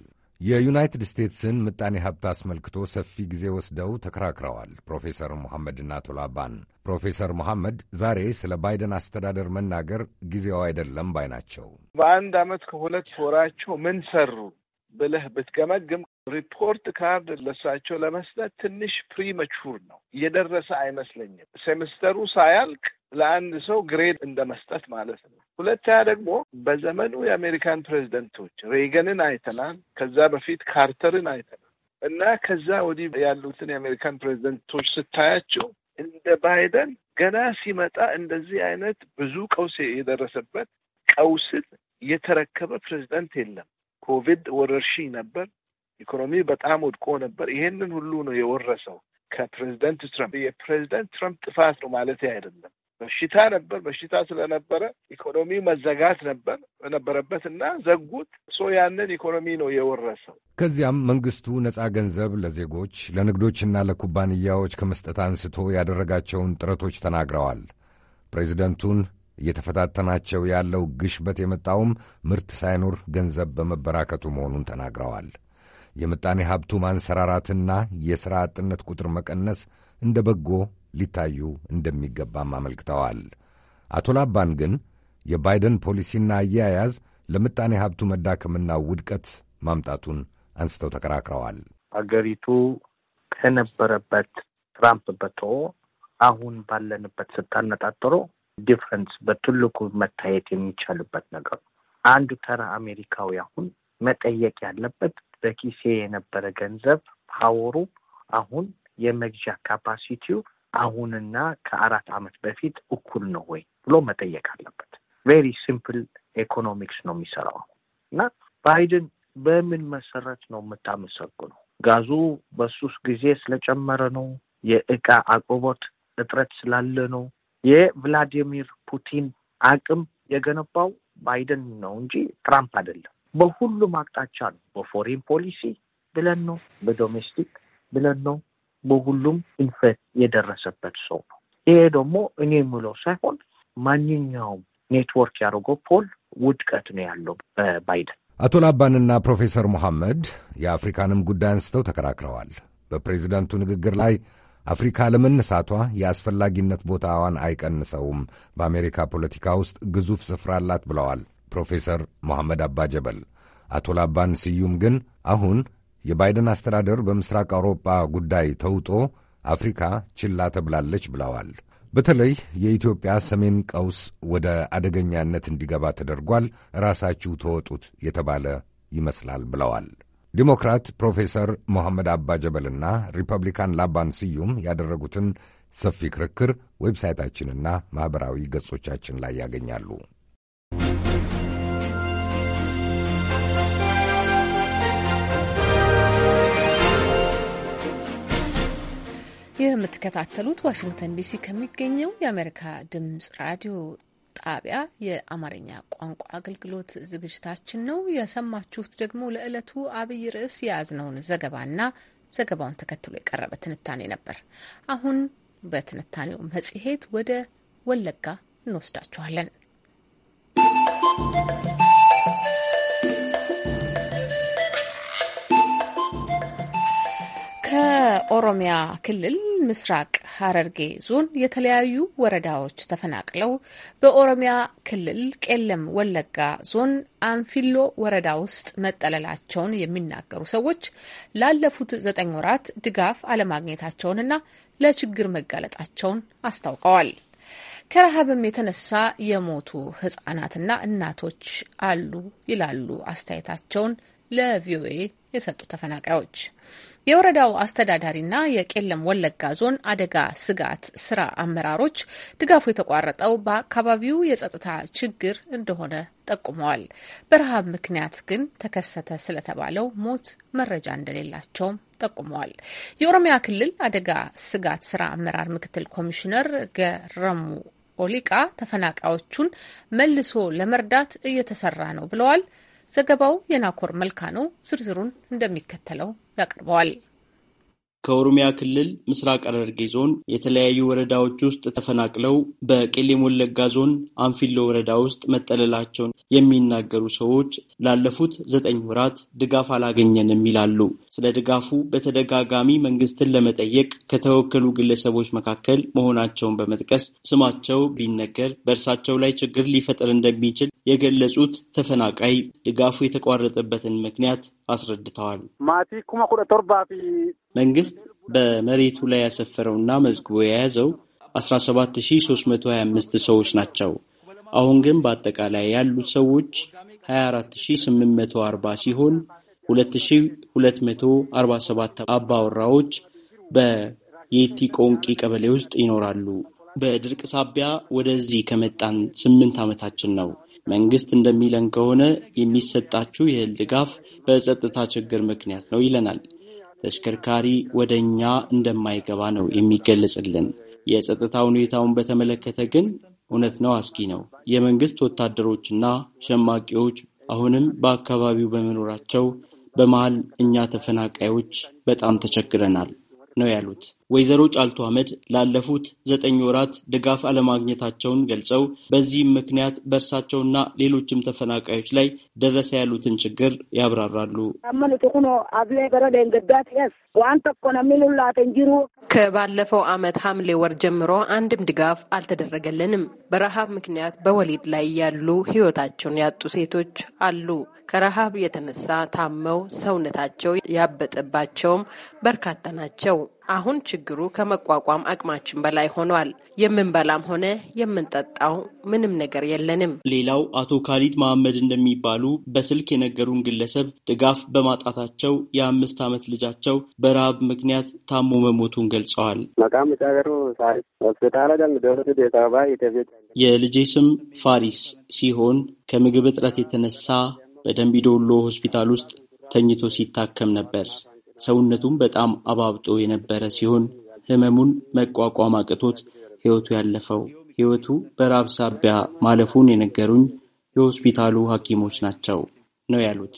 የዩናይትድ ስቴትስን ምጣኔ ሀብት አስመልክቶ ሰፊ ጊዜ ወስደው ተከራክረዋል ፕሮፌሰር ሞሐመድና ቶላባን። ፕሮፌሰር ሙሐመድ ዛሬ ስለ ባይደን አስተዳደር መናገር ጊዜው አይደለም ባይ ናቸው። በአንድ ዓመት ከሁለት ወራቸው ምን ሰሩ ብለህ ብትገመግም ሪፖርት ካርድ ለሳቸው ለመስጠት ትንሽ ፕሪመቹር ነው። እየደረሰ አይመስለኝም። ሴምስተሩ ሳያልቅ ለአንድ ሰው ግሬድ እንደ መስጠት ማለት ነው። ሁለተኛ ደግሞ በዘመኑ የአሜሪካን ፕሬዚደንቶች ሬገንን አይተናል። ከዛ በፊት ካርተርን አይተናል እና ከዛ ወዲህ ያሉትን የአሜሪካን ፕሬዚደንቶች ስታያቸው እንደ ባይደን ገና ሲመጣ እንደዚህ አይነት ብዙ ቀውስ የደረሰበት ቀውስን የተረከበ ፕሬዚደንት የለም። ኮቪድ ወረርሽኝ ነበር። ኢኮኖሚ በጣም ወድቆ ነበር። ይሄንን ሁሉ ነው የወረሰው ከፕሬዚደንት ትረምፕ። የፕሬዚደንት ትረምፕ ጥፋት ነው ማለት አይደለም። በሽታ ነበር። በሽታ ስለነበረ ኢኮኖሚ መዘጋት ነበር በነበረበት እና ዘጉት። ሶ ያንን ኢኮኖሚ ነው የወረሰው። ከዚያም መንግስቱ ነፃ ገንዘብ ለዜጎች ለንግዶችና ለኩባንያዎች ከመስጠት አንስቶ ያደረጋቸውን ጥረቶች ተናግረዋል። ፕሬዚደንቱን እየተፈታተናቸው ያለው ግሽበት የመጣውም ምርት ሳይኖር ገንዘብ በመበራከቱ መሆኑን ተናግረዋል። የምጣኔ ሀብቱ ማንሰራራትና የሥራ አጥነት ቁጥር መቀነስ እንደ በጎ ሊታዩ እንደሚገባም አመልክተዋል። አቶ ላባን ግን የባይደን ፖሊሲና አያያዝ ለምጣኔ ሀብቱ መዳከምና ውድቀት ማምጣቱን አንስተው ተከራክረዋል። አገሪቱ ከነበረበት ትራምፕ በቶ አሁን ባለንበት ስታነጣጥሮ ዲፍረንስ በትልቁ መታየት የሚቻልበት ነገር ነው። አንዱ ተራ አሜሪካዊ አሁን መጠየቅ ያለበት በኪሴ የነበረ ገንዘብ ፓወሩ አሁን የመግዣ ካፓሲቲው አሁንና ከአራት ዓመት በፊት እኩል ነው ወይ ብሎ መጠየቅ አለበት። ቬሪ ሲምፕል ኢኮኖሚክስ ነው የሚሰራው አሁን እና ባይደን በምን መሰረት ነው የምታመሰግነው? ጋዙ በሱስ ጊዜ ስለጨመረ ነው? የእቃ አቅርቦት እጥረት ስላለ ነው? የቭላዲሚር ፑቲን አቅም የገነባው ባይደን ነው እንጂ ትራምፕ አይደለም። በሁሉም አቅጣጫ ነው። በፎሬን ፖሊሲ ብለን ነው፣ በዶሜስቲክ ብለን ነው። በሁሉም ኢንፈት የደረሰበት ሰው ነው። ይሄ ደግሞ እኔ የምለው ሳይሆን ማንኛውም ኔትወርክ ያደረገው ፖል ውድቀት ነው ያለው በባይደን። አቶ ላባንና ፕሮፌሰር ሙሐመድ የአፍሪካንም ጉዳይ አንስተው ተከራክረዋል። በፕሬዚዳንቱ ንግግር ላይ አፍሪካ ለመነሳቷ የአስፈላጊነት ቦታዋን አይቀንሰውም፣ በአሜሪካ ፖለቲካ ውስጥ ግዙፍ ስፍራ አላት ብለዋል ፕሮፌሰር ሞሐመድ አባ ጀበል። አቶ ላባን ስዩም ግን አሁን የባይደን አስተዳደር በምስራቅ አውሮፓ ጉዳይ ተውጦ አፍሪካ ችላ ተብላለች ብለዋል። በተለይ የኢትዮጵያ ሰሜን ቀውስ ወደ አደገኛነት እንዲገባ ተደርጓል፣ ራሳችሁ ተወጡት የተባለ ይመስላል ብለዋል። ዲሞክራት ፕሮፌሰር ሞሐመድ አባ ጀበልና ሪፐብሊካን ላባን ስዩም ያደረጉትን ሰፊ ክርክር ዌብሳይታችንና ማኅበራዊ ገጾቻችን ላይ ያገኛሉ። ይህ የምትከታተሉት ዋሽንግተን ዲሲ ከሚገኘው የአሜሪካ ድምፅ ራዲዮ ጣቢያ የአማርኛ ቋንቋ አገልግሎት ዝግጅታችን ነው። የሰማችሁት ደግሞ ለዕለቱ አብይ ርዕስ የያዝነውን ዘገባና ዘገባውን ተከትሎ የቀረበ ትንታኔ ነበር። አሁን በትንታኔው መጽሔት ወደ ወለጋ እንወስዳችኋለን። ከኦሮሚያ ክልል ምስራቅ ሐረርጌ ዞን የተለያዩ ወረዳዎች ተፈናቅለው በኦሮሚያ ክልል ቄለም ወለጋ ዞን አንፊሎ ወረዳ ውስጥ መጠለላቸውን የሚናገሩ ሰዎች ላለፉት ዘጠኝ ወራት ድጋፍ አለማግኘታቸውንና ለችግር መጋለጣቸውን አስታውቀዋል። ከረሃብም የተነሳ የሞቱ ህጻናትና እናቶች አሉ ይላሉ አስተያየታቸውን ለቪኦኤ የሰጡ ተፈናቃዮች የወረዳው አስተዳዳሪና የቄለም ወለጋ ዞን አደጋ ስጋት ስራ አመራሮች ድጋፉ የተቋረጠው በአካባቢው የጸጥታ ችግር እንደሆነ ጠቁመዋል። በረሃብ ምክንያት ግን ተከሰተ ስለተባለው ሞት መረጃ እንደሌላቸውም ጠቁመዋል። የኦሮሚያ ክልል አደጋ ስጋት ስራ አመራር ምክትል ኮሚሽነር ገረሙ ኦሊቃ ተፈናቃዮቹን መልሶ ለመርዳት እየተሰራ ነው ብለዋል። ዘገባው የናኮር መልካ ነው። ዝርዝሩን እንደሚከተለው ያቀርበዋል። ከኦሮሚያ ክልል ምስራቅ ሐረርጌ ዞን የተለያዩ ወረዳዎች ውስጥ ተፈናቅለው በቄለም ወለጋ ዞን አንፊሎ ወረዳ ውስጥ መጠለላቸውን የሚናገሩ ሰዎች ላለፉት ዘጠኝ ወራት ድጋፍ አላገኘንም ይላሉ። ስለ ድጋፉ በተደጋጋሚ መንግስትን ለመጠየቅ ከተወከሉ ግለሰቦች መካከል መሆናቸውን በመጥቀስ ስማቸው ቢነገር በእርሳቸው ላይ ችግር ሊፈጥር እንደሚችል የገለጹት ተፈናቃይ ድጋፉ የተቋረጠበትን ምክንያት አስረድተዋል። መንግስት በመሬቱ ላይ ያሰፈረውና መዝግቦ የያዘው 17325 ሰዎች ናቸው። አሁን ግን በአጠቃላይ ያሉት ሰዎች 24840 ሲሆን 2247 አባወራዎች በየቲ ቆንቂ ቀበሌ ውስጥ ይኖራሉ። በድርቅ ሳቢያ ወደዚህ ከመጣን ስምንት ዓመታችን ነው። መንግስት እንደሚለን ከሆነ የሚሰጣችው የእህል ድጋፍ በጸጥታ ችግር ምክንያት ነው ይለናል። ተሽከርካሪ ወደ እኛ እንደማይገባ ነው የሚገለጽልን። የጸጥታ ሁኔታውን በተመለከተ ግን እውነት ነው፣ አስጊ ነው። የመንግስት ወታደሮችና ሸማቂዎች አሁንም በአካባቢው በመኖራቸው በመሀል እኛ ተፈናቃዮች በጣም ተቸግረናል ነው ያሉት ወይዘሮ ጫልቱ አህመድ ላለፉት ዘጠኝ ወራት ድጋፍ አለማግኘታቸውን ገልጸው በዚህም ምክንያት በእርሳቸውና ሌሎችም ተፈናቃዮች ላይ ደረሰ ያሉትን ችግር ያብራራሉ። ከባለፈው ዓመት ሐምሌ ወር ጀምሮ አንድም ድጋፍ አልተደረገልንም። በረሃብ ምክንያት በወሊድ ላይ ያሉ ሕይወታቸውን ያጡ ሴቶች አሉ። ከረሃብ የተነሳ ታመው ሰውነታቸው ያበጠባቸውም በርካታ ናቸው። አሁን ችግሩ ከመቋቋም አቅማችን በላይ ሆኗል። የምንበላም ሆነ የምንጠጣው ምንም ነገር የለንም። ሌላው አቶ ካሊድ መሐመድ እንደሚባሉ በስልክ የነገሩን ግለሰብ ድጋፍ በማጣታቸው የአምስት ዓመት ልጃቸው በረሃብ ምክንያት ታሞ መሞቱን ገልጸዋል። የልጄ ስም ፋሪስ ሲሆን ከምግብ እጥረት የተነሳ በደንቢዶሎ ሆስፒታል ውስጥ ተኝቶ ሲታከም ነበር። ሰውነቱም በጣም አባብጦ የነበረ ሲሆን ህመሙን መቋቋም አቅቶት ህይወቱ ያለፈው ህይወቱ በራብ ሳቢያ ማለፉን የነገሩኝ የሆስፒታሉ ሐኪሞች ናቸው ነው ያሉት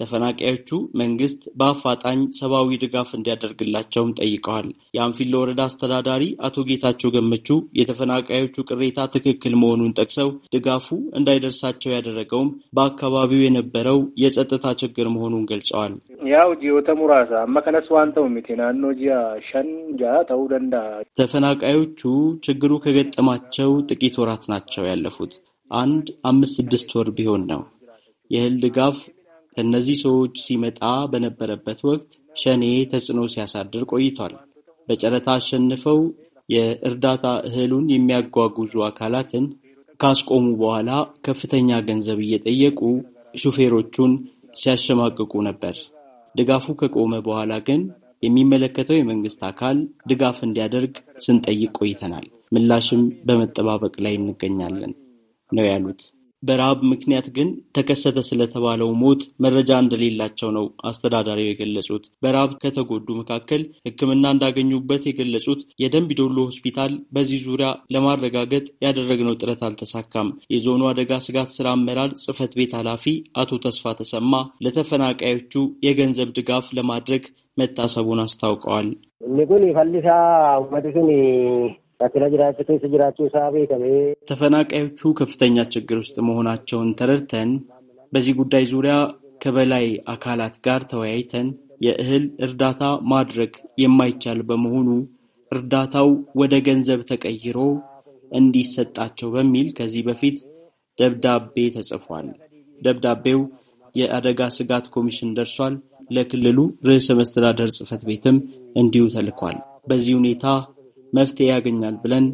ተፈናቃዮቹ መንግስት በአፋጣኝ ሰብአዊ ድጋፍ እንዲያደርግላቸውም ጠይቀዋል። የአንፊሎ ወረዳ አስተዳዳሪ አቶ ጌታቸው ገመቹ የተፈናቃዮቹ ቅሬታ ትክክል መሆኑን ጠቅሰው ድጋፉ እንዳይደርሳቸው ያደረገውም በአካባቢው የነበረው የጸጥታ ችግር መሆኑን ገልጸዋል። ያው ጂኦተሙራሳ አመከነስ ዋንተው ሚቴናኖ ጂያ ጃ ተው ደንዳ ተፈናቃዮቹ ችግሩ ከገጠማቸው ጥቂት ወራት ናቸው ያለፉት። አንድ አምስት ስድስት ወር ቢሆን ነው። የእህል ድጋፍ ከእነዚህ ሰዎች ሲመጣ በነበረበት ወቅት ሸኔ ተጽዕኖ ሲያሳድር ቆይቷል። በጨረታ አሸንፈው የእርዳታ እህሉን የሚያጓጉዙ አካላትን ካስቆሙ በኋላ ከፍተኛ ገንዘብ እየጠየቁ ሹፌሮቹን ሲያሸማቅቁ ነበር። ድጋፉ ከቆመ በኋላ ግን የሚመለከተው የመንግስት አካል ድጋፍ እንዲያደርግ ስንጠይቅ ቆይተናል። ምላሽም በመጠባበቅ ላይ እንገኛለን ነው ያሉት። በረሃብ ምክንያት ግን ተከሰተ ስለተባለው ሞት መረጃ እንደሌላቸው ነው አስተዳዳሪው የገለጹት። በረሃብ ከተጎዱ መካከል ሕክምና እንዳገኙበት የገለጹት ዶሎ ሆስፒታል በዚህ ዙሪያ ለማረጋገጥ ያደረግነው ጥረት አልተሳካም። የዞኑ አደጋ ስጋት ስራ አመራር ጽሕፈት ቤት ኃላፊ አቶ ተስፋ ተሰማ ለተፈናቃዮቹ የገንዘብ ድጋፍ ለማድረግ መታሰቡን አስታውቀዋል። ንጉን ይፈልሳ መቱሱን ተፈናቃዮቹ ከፍተኛ ችግር ውስጥ መሆናቸውን ተረድተን በዚህ ጉዳይ ዙሪያ ከበላይ አካላት ጋር ተወያይተን የእህል እርዳታ ማድረግ የማይቻል በመሆኑ እርዳታው ወደ ገንዘብ ተቀይሮ እንዲሰጣቸው በሚል ከዚህ በፊት ደብዳቤ ተጽፏል። ደብዳቤው የአደጋ ስጋት ኮሚሽን ደርሷል። ለክልሉ ርዕሰ መስተዳደር ጽህፈት ቤትም እንዲሁ ተልኳል። በዚህ ሁኔታ መፍትሄ ያገኛል ብለን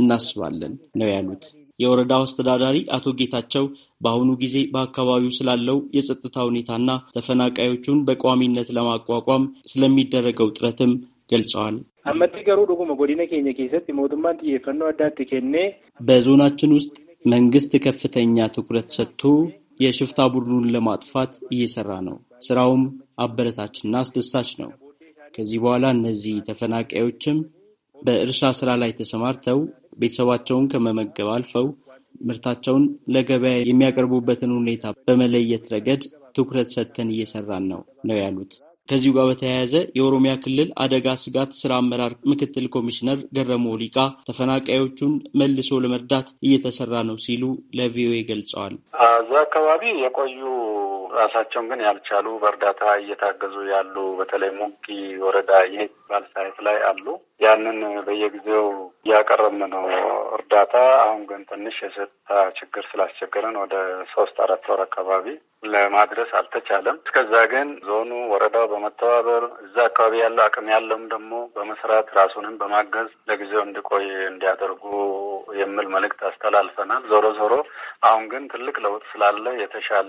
እናስባለን ነው ያሉት። የወረዳው አስተዳዳሪ አቶ ጌታቸው በአሁኑ ጊዜ በአካባቢው ስላለው የጸጥታ ሁኔታና ተፈናቃዮቹን በቋሚነት ለማቋቋም ስለሚደረገው ጥረትም ገልጸዋል። አመቲ ገሩ ዱጉመ ጎዲነ ኬኘ ኬሰት ሞቱማን ጥየፈኖ አዳት ኬኔ በዞናችን ውስጥ መንግስት ከፍተኛ ትኩረት ሰጥቶ የሽፍታ ቡድኑን ለማጥፋት እየሰራ ነው። ስራውም አበረታችና አስደሳች ነው። ከዚህ በኋላ እነዚህ ተፈናቃዮችም በእርሻ ስራ ላይ ተሰማርተው ቤተሰባቸውን ከመመገብ አልፈው ምርታቸውን ለገበያ የሚያቀርቡበትን ሁኔታ በመለየት ረገድ ትኩረት ሰጥተን እየሰራን ነው ነው ያሉት። ከዚሁ ጋር በተያያዘ የኦሮሚያ ክልል አደጋ ስጋት ስራ አመራር ምክትል ኮሚሽነር ገረሞ ሊቃ ተፈናቃዮቹን መልሶ ለመርዳት እየተሰራ ነው ሲሉ ለቪኦኤ ገልጸዋል። እዚ አካባቢ የቆዩ ራሳቸውን ግን ያልቻሉ በእርዳታ እየታገዙ ያሉ በተለይ ሙቂ ወረዳ ይሄ ሳይት ላይ አሉ። ያንን በየጊዜው እያቀረብን ነው እርዳታ። አሁን ግን ትንሽ የጸጥታ ችግር ስላስቸገረን ወደ ሶስት አራት ወር አካባቢ ለማድረስ አልተቻለም። እስከዛ ግን ዞኑ፣ ወረዳው በመተባበር እዛ አካባቢ ያለ አቅም ያለውም ደግሞ በመስራት ራሱንም በማገዝ ለጊዜው እንዲቆይ እንዲያደርጉ የሚል መልእክት አስተላልፈናል። ዞሮ ዞሮ አሁን ግን ትልቅ ለውጥ ስላለ የተሻለ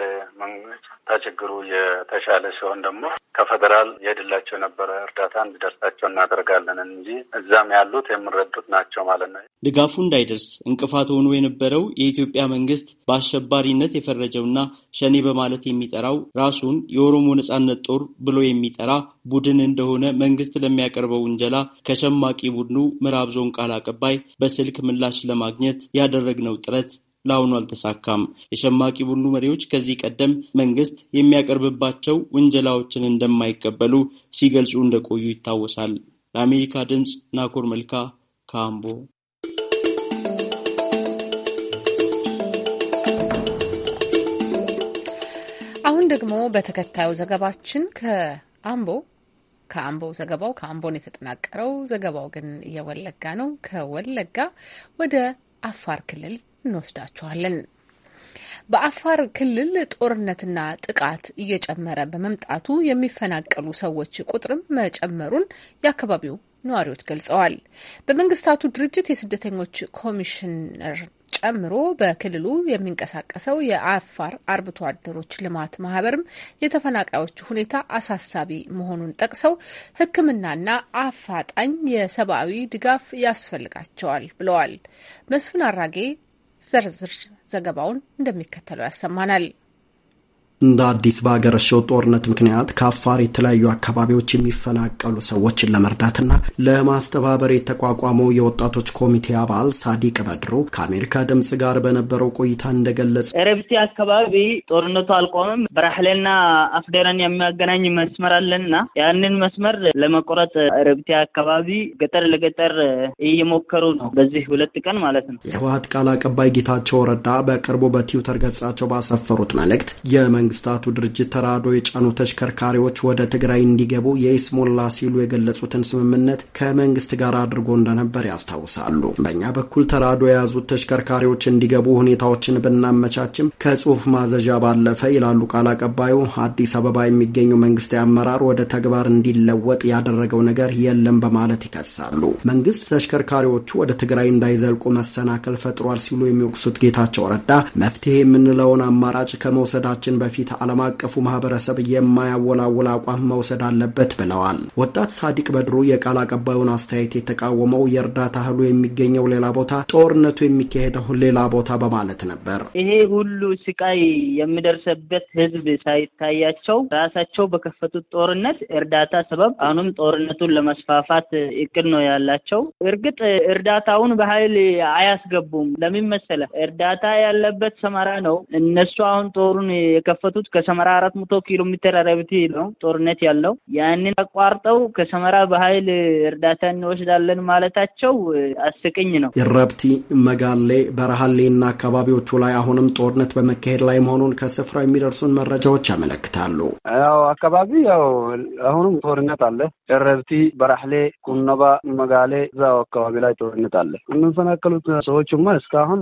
ጸጥታ ችግሩ የተሻለ ሲሆን ደግሞ ከፌዴራል የሄድላቸው የነበረ እርዳታ እንዲደርሳቸው እናደርጋለን እንጂ እዛም ያሉት የምንረዱት ናቸው ማለት ነው። ድጋፉ እንዳይደርስ እንቅፋት ሆኖ የነበረው የኢትዮጵያ መንግስት በአሸባሪነት የፈረጀውና ሸኔ በማለት የሚጠራው ራሱን የኦሮሞ ነጻነት ጦር ብሎ የሚጠራ ቡድን እንደሆነ መንግስት ለሚያቀርበው ውንጀላ ከሸማቂ ቡድኑ ምዕራብ ዞን ቃል አቀባይ በስልክ ምላሽ ለማግኘት ያደረግነው ጥረት ለአሁኑ አልተሳካም። የሸማቂ ቡድኑ መሪዎች ከዚህ ቀደም መንግስት የሚያቀርብባቸው ውንጀላዎችን እንደማይቀበሉ ሲገልጹ እንደቆዩ ይታወሳል። ለአሜሪካ ድምፅ ናኮር መልካ ካምቦ። አሁን ደግሞ በተከታዩ ዘገባችን ከአምቦ ከአምቦ ዘገባው ከአምቦን የተጠናቀረው ዘገባው ግን የወለጋ ነው። ከወለጋ ወደ አፋር ክልል እንወስዳችኋለን። በአፋር ክልል ጦርነትና ጥቃት እየጨመረ በመምጣቱ የሚፈናቀሉ ሰዎች ቁጥርም መጨመሩን የአካባቢው ነዋሪዎች ገልጸዋል። በመንግስታቱ ድርጅት የስደተኞች ኮሚሽነር ጨምሮ በክልሉ የሚንቀሳቀሰው የአፋር አርብቶ አደሮች ልማት ማህበርም የተፈናቃዮች ሁኔታ አሳሳቢ መሆኑን ጠቅሰው ሕክምናና አፋጣኝ የሰብአዊ ድጋፍ ያስፈልጋቸዋል ብለዋል። መስፍን አራጌ ዝርዝር ዘገባውን እንደሚከተለው ያሰማናል። እንደ አዲስ በሀገረሸው ጦርነት ምክንያት ከአፋር የተለያዩ አካባቢዎች የሚፈናቀሉ ሰዎችን ለመርዳትና ለማስተባበር የተቋቋመው የወጣቶች ኮሚቴ አባል ሳዲቅ በድሩ ከአሜሪካ ድምጽ ጋር በነበረው ቆይታ እንደገለጸ ረብቲ አካባቢ ጦርነቱ አልቆምም። በራህሌና አፍደረን የሚያገናኝ መስመር አለና ያንን መስመር ለመቆረጥ ረብቲ አካባቢ ገጠር ለገጠር እየሞከሩ ነው። በዚህ ሁለት ቀን ማለት ነው። የህወሀት ቃል አቀባይ ጌታቸው ረዳ በቅርቡ በትዊተር ገጻቸው ባሰፈሩት መልእክት የመንግስት መንግስታቱ ድርጅት ተራዶ የጫኑ ተሽከርካሪዎች ወደ ትግራይ እንዲገቡ የኢስሞላ ሲሉ የገለጹትን ስምምነት ከመንግስት ጋር አድርጎ እንደነበር ያስታውሳሉ። በእኛ በኩል ተራዶ የያዙት ተሽከርካሪዎች እንዲገቡ ሁኔታዎችን ብናመቻችም ከጽሁፍ ማዘዣ ባለፈ ይላሉ ቃል አቀባዩ፣ አዲስ አበባ የሚገኘው መንግስታዊ አመራር ወደ ተግባር እንዲለወጥ ያደረገው ነገር የለም በማለት ይከሳሉ። መንግስት ተሽከርካሪዎቹ ወደ ትግራይ እንዳይዘልቁ መሰናከል ፈጥሯል ሲሉ የሚወቅሱት ጌታቸው ረዳ መፍትሄ የምንለውን አማራጭ ከመውሰዳችን በፊት በፊት ዓለም አቀፉ ማህበረሰብ የማያወላውል አቋም መውሰድ አለበት ብለዋል። ወጣት ሳዲቅ በድሩ የቃል አቀባዩን አስተያየት የተቃወመው የእርዳታ እህሉ የሚገኘው ሌላ ቦታ፣ ጦርነቱ የሚካሄደው ሌላ ቦታ በማለት ነበር። ይሄ ሁሉ ስቃይ የሚደርስበት ህዝብ ሳይታያቸው ራሳቸው በከፈቱት ጦርነት እርዳታ ሰበብ አሁንም ጦርነቱን ለመስፋፋት እቅድ ነው ያላቸው። እርግጥ እርዳታውን በኃይል አያስገቡም። ለምን መሰለህ? እርዳታ ያለበት ሰመራ ነው። እነሱ አሁን ጦሩን የከፈ የተከፈቱት ከሰመራ አራት መቶ ኪሎ ሜትር ርቀት ነው ጦርነት ያለው። ያንን አቋርጠው ከሰመራ በኃይል እርዳታ እንወስዳለን ማለታቸው አስቅኝ ነው። ረብቲ፣ መጋሌ፣ በረሃሌ እና አካባቢዎቹ ላይ አሁንም ጦርነት በመካሄድ ላይ መሆኑን ከስፍራ የሚደርሱን መረጃዎች ያመለክታሉ። ያው አካባቢ ያው አሁንም ጦርነት አለ። ረብቲ፣ በራህሌ፣ ቁነባ፣ መጋሌ እዛው አካባቢ ላይ ጦርነት አለ። የምንፈናቀሉት ሰዎችማ እስካሁን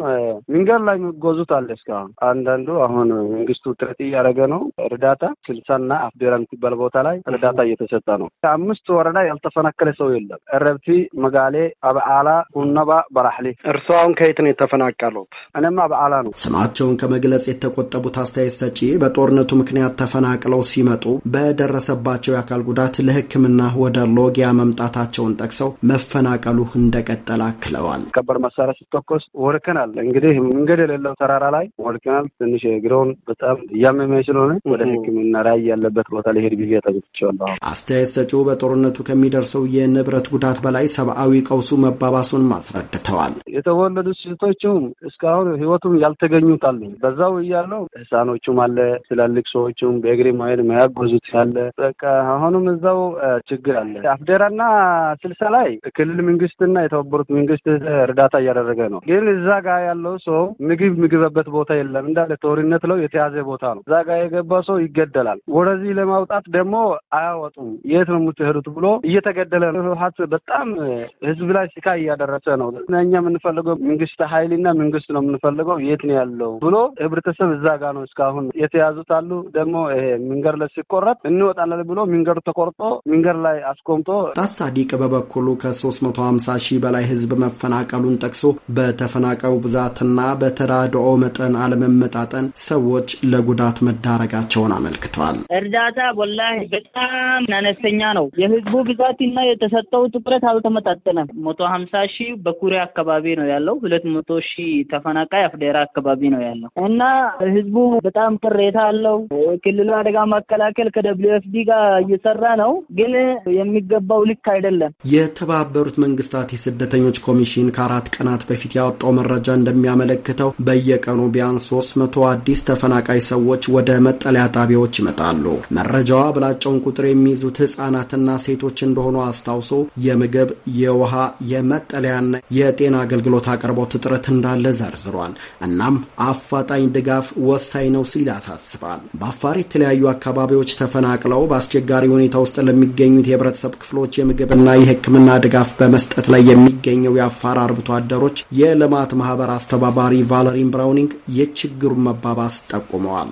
መንገድ ላይ የሚጓዙት አለ። እስካሁን አንዳንዱ አሁን መንግስቱ ጥረት እያደረገ ነው። እርዳታ ስልሳና አፍዴራ የምትባል ቦታ ላይ እርዳታ እየተሰጠ ነው። ከአምስት ወረዳ ያልተፈናቀለ ሰው የለም። እረብቲ፣ መጋሌ፣ አብዓላ፣ ሁነባ፣ በራሕሊ። እርስዎ አሁን ከየት ነው የተፈናቀሉት? እኔም አብዓላ ነው። ስማቸውን ከመግለጽ የተቆጠቡት አስተያየት ሰጪ በጦርነቱ ምክንያት ተፈናቅለው ሲመጡ በደረሰባቸው የአካል ጉዳት ለሕክምና ወደ ሎጊያ መምጣታቸውን ጠቅሰው መፈናቀሉ እንደቀጠለ አክለዋል። ከባድ መሳሪያ ሲተኮስ ወድቀናል። እንግዲህ መንገድ የሌለው ተራራ ላይ ወድቀናል። ትንሽ እግሮን በጣም እያመ ህመሜ ስለሆነ ወደ ሕክምና ራዕይ ያለበት ቦታ ሊሄድ ጊዜ ጠብቅቻለሁ። አስተያየት ሰጪው በጦርነቱ ከሚደርሰው የንብረት ጉዳት በላይ ሰብአዊ ቀውሱ መባባሱን ማስረድተዋል። የተወለዱ ሴቶችም እስካሁን ህይወቱም ያልተገኙት አሉ። በዛው እያለው ህፃኖቹም አለ ትላልቅ ሰዎቹም በእግሬ ማሄድ መያጎዙት ያለ በቃ አሁንም እዛው ችግር አለ። አፍዴራና ስልሳ ላይ ክልል መንግስትና የተባበሩት መንግስት እርዳታ እያደረገ ነው። ግን እዛ ጋር ያለው ሰው ምግብ ምግበበት ቦታ የለም። እንዳለ ጦርነት ለው የተያዘ ቦታ ነው። እዛ ጋር የገባ ሰው ይገደላል። ወደዚህ ለማውጣት ደግሞ አያወጡም። የት ነው የምትሄዱት ብሎ እየተገደለ ነው። ህወሀት በጣም ህዝብ ላይ ሲካይ እያደረሰ ነው። እኛ የምንፈልገው መንግስት ሀይልና መንግስት ነው የምንፈልገው የት ነው ያለው ብሎ ህብረተሰብ እዛ ጋር ነው እስካሁን የተያዙት አሉ። ደግሞ ይሄ መንገድ ላይ ሲቆረጥ እንወጣለን ብሎ መንገዱ ተቆርጦ መንገድ ላይ አስቆምጦ ታሳዲቅ በበኩሉ መቶ ሀምሳ ሺህ በላይ ህዝብ መፈናቀሉን ጠቅሶ በተፈናቀው ብዛትና በተራድኦ መጠን አለመመጣጠን ሰዎች ለጉዳት መዳረጋቸውን አመልክቷል። እርዳታ ወላሂ በጣም አነስተኛ ነው። የህዝቡ ብዛት ና የተሰጠው ትኩረት አልተመጣጠነም። መቶ ሀምሳ ሺህ በኩሬ አካባቢ ነው ያለው። ሁለት መቶ ሺህ ተፈናቃይ አፍዴራ አካባቢ ነው ያለው እና ህዝቡ በጣም ቅሬታ አለው። ክልሉ አደጋ ማከላከል ከደብሊው ኤፍ ዲ ጋር እየሰራ ነው፣ ግን የሚገባው ልክ አይደለም። የተባበሩት መንግስታት የስደተኞች ኮሚሽን ከአራት ቀናት በፊት ያወጣው መረጃ እንደሚያመለክተው በየቀኑ ቢያንስ ሶስት መቶ አዲስ ተፈናቃይ ሰዎች ወደ መጠለያ ጣቢያዎች ይመጣሉ። መረጃዋ ብላጫውን ቁጥር የሚይዙት ህጻናትና ሴቶች እንደሆኑ አስታውሶ የምግብ፣ የውሃ፣ የመጠለያና የጤና አገልግሎት አቅርቦት እጥረት እንዳለ ዘርዝሯል። እናም አፋጣኝ ድጋፍ ወሳኝ ነው ሲል ያሳስባል። በአፋር የተለያዩ አካባቢዎች ተፈናቅለው በአስቸጋሪ ሁኔታ ውስጥ ለሚገኙት የህብረተሰብ ክፍሎች የምግብና የህክምና ድጋፍ በመስጠት ላይ የሚገኘው የአፋር አርብቶ አደሮች የልማት ማህበር አስተባባሪ ቫለሪን ብራውኒንግ የችግሩን መባባስ ጠቁመዋል።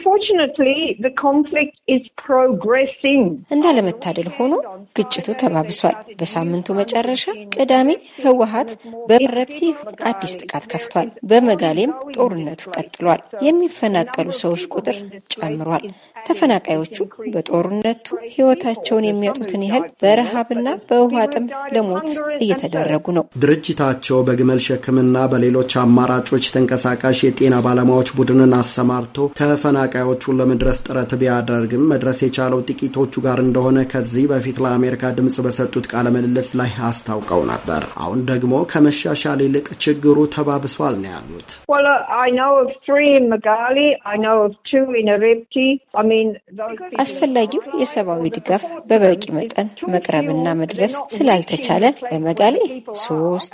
እንዳለመታደል ሆኖ ግጭቱ ተባብሷል። በሳምንቱ መጨረሻ ቅዳሜ ህወሀት በረብቲ አዲስ ጥቃት ከፍቷል። በመጋሌም ጦርነቱ ቀጥሏል። የሚፈናቀሉ ሰዎች ቁጥር ጨምሯል። ተፈናቃዮቹ በጦርነቱ ህይወታቸውን የሚያጡትን ያህል በረሃብና በውሃ ጥም ለሞት እየተደረጉ ነው። ድርጅታቸው በግመል ሸክምና በሌሎች አማራጮች ተንቀሳቃሽ የጤና ባለሙያዎች ቡድንን አሰማርቶ ተፈናቃ ተፈናቃዮቹን ለመድረስ ጥረት ቢያደርግም መድረስ የቻለው ጥቂቶቹ ጋር እንደሆነ ከዚህ በፊት ለአሜሪካ ድምፅ በሰጡት ቃለ ምልልስ ላይ አስታውቀው ነበር። አሁን ደግሞ ከመሻሻል ይልቅ ችግሩ ተባብሷል ነው ያሉት። uh, አስፈላጊው የሰብአዊ ድጋፍ በበቂ መጠን መቅረብና መድረስ ስላልተቻለ በመጋሌ ሶስት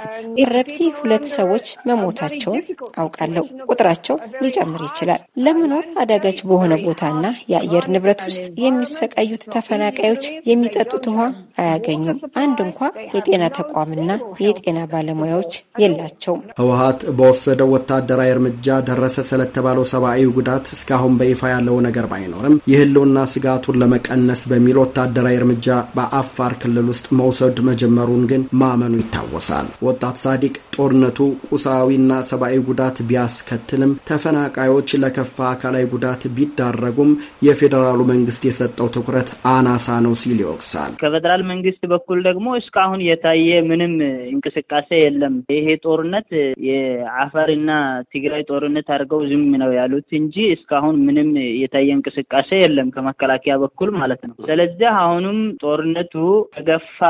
ረብቲ ሁለት ሰዎች መሞታቸውን አውቃለሁ። ቁጥራቸው ሊጨምር ይችላል። ለመኖር አዳጋች አስከፊዎች በሆነ ቦታና የአየር ንብረት ውስጥ የሚሰቃዩት ተፈናቃዮች የሚጠጡት ውሃ አያገኙም። አንድ እንኳ የጤና ተቋምና የጤና ባለሙያዎች የላቸውም። ህወሀት በወሰደው ወታደራዊ እርምጃ ደረሰ ስለተባለው ሰብአዊ ጉዳት እስካሁን በይፋ ያለው ነገር ባይኖርም የህልውና ስጋቱን ለመቀነስ በሚል ወታደራዊ እርምጃ በአፋር ክልል ውስጥ መውሰድ መጀመሩን ግን ማመኑ ይታወሳል። ወጣት ሳዲቅ ጦርነቱ ቁሳዊና ሰብአዊ ጉዳት ቢያስከትልም ተፈናቃዮች ለከፋ አካላዊ ጉዳት ቢዳረጉም የፌዴራሉ መንግስት የሰጠው ትኩረት አናሳ ነው ሲል ይወቅሳል። ከፌዴራል መንግስት በኩል ደግሞ እስካሁን የታየ ምንም እንቅስቃሴ የለም። ይሄ ጦርነት የአፋርና ትግራይ ጦርነት አድርገው ዝም ነው ያሉት እንጂ እስካሁን ምንም የታየ እንቅስቃሴ የለም ከመከላከያ በኩል ማለት ነው። ስለዚህ አሁንም ጦርነቱ ከገፋ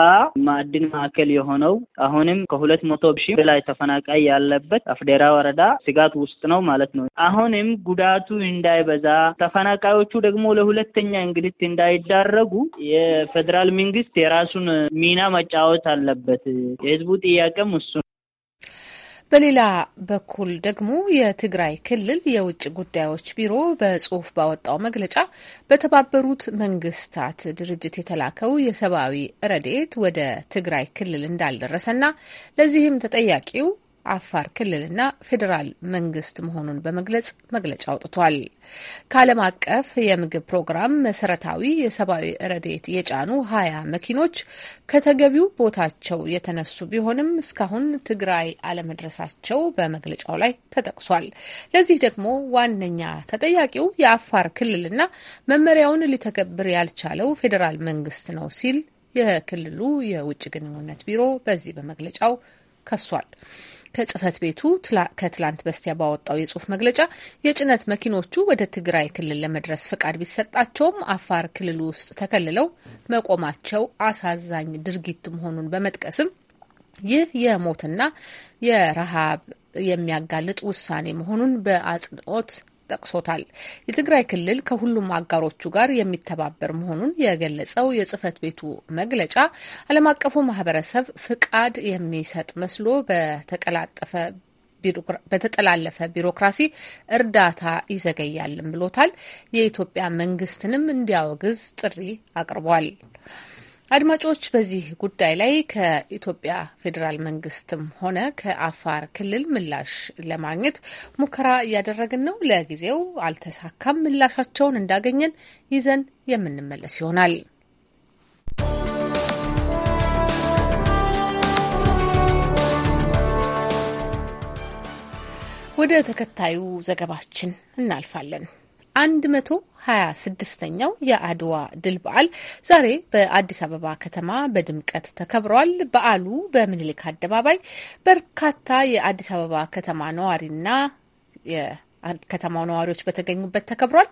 ማዕድን ማዕከል የሆነው አሁንም ከሁለት መቶ ሺህ በላይ ተፈናቃይ ያለበት አፍዴራ ወረዳ ስጋት ውስጥ ነው ማለት ነው። አሁንም ጉዳቱ እንዳይበዛ ተፈናቃዮቹ ደግሞ ለሁለተኛ እንግልት እንዳይዳረጉ የፌዴራል መንግስት የራሱን ሚና መጫወት አለበት። የህዝቡ ጥያቄም እሱ በሌላ በኩል ደግሞ የትግራይ ክልል የውጭ ጉዳዮች ቢሮ በጽሁፍ ባወጣው መግለጫ በተባበሩት መንግስታት ድርጅት የተላከው የሰብአዊ ረድኤት ወደ ትግራይ ክልል እንዳልደረሰና ለዚህም ተጠያቂው አፋር ክልልና ፌዴራል መንግስት መሆኑን በመግለጽ መግለጫ አውጥቷል። ከዓለም አቀፍ የምግብ ፕሮግራም መሰረታዊ የሰብአዊ ረዴት የጫኑ ሀያ መኪኖች ከተገቢው ቦታቸው የተነሱ ቢሆንም እስካሁን ትግራይ አለመድረሳቸው በመግለጫው ላይ ተጠቅሷል። ለዚህ ደግሞ ዋነኛ ተጠያቂው የአፋር ክልልና መመሪያውን ሊተገብር ያልቻለው ፌዴራል መንግስት ነው ሲል የክልሉ የውጭ ግንኙነት ቢሮ በዚህ በመግለጫው ከሷል። ጽህፈት ቤቱ ከትላንት በስቲያ ባወጣው የጽሁፍ መግለጫ የጭነት መኪኖቹ ወደ ትግራይ ክልል ለመድረስ ፍቃድ ቢሰጣቸውም አፋር ክልል ውስጥ ተከልለው መቆማቸው አሳዛኝ ድርጊት መሆኑን በመጥቀስም ይህ የሞትና የረሃብ የሚያጋልጥ ውሳኔ መሆኑን በአጽንኦት ጠቅሶታል። የትግራይ ክልል ከሁሉም አጋሮቹ ጋር የሚተባበር መሆኑን የገለጸው የጽህፈት ቤቱ መግለጫ ዓለም አቀፉ ማህበረሰብ ፍቃድ የሚሰጥ መስሎ በተቀላጠፈ በተጠላለፈ ቢሮክራሲ እርዳታ ይዘገያልም ብሎታል። የኢትዮጵያ መንግስትንም እንዲያወግዝ ጥሪ አቅርቧል። አድማጮች በዚህ ጉዳይ ላይ ከኢትዮጵያ ፌዴራል መንግስትም ሆነ ከአፋር ክልል ምላሽ ለማግኘት ሙከራ እያደረግን ነው። ለጊዜው አልተሳካም። ምላሻቸውን እንዳገኘን ይዘን የምንመለስ ይሆናል። ወደ ተከታዩ ዘገባችን እናልፋለን። 126ኛው የአድዋ ድል በዓል ዛሬ በአዲስ አበባ ከተማ በድምቀት ተከብሯል። በዓሉ በምኒልክ አደባባይ በርካታ የአዲስ አበባ ከተማ ነዋሪና ከተማው ነዋሪዎች በተገኙበት ተከብሯል።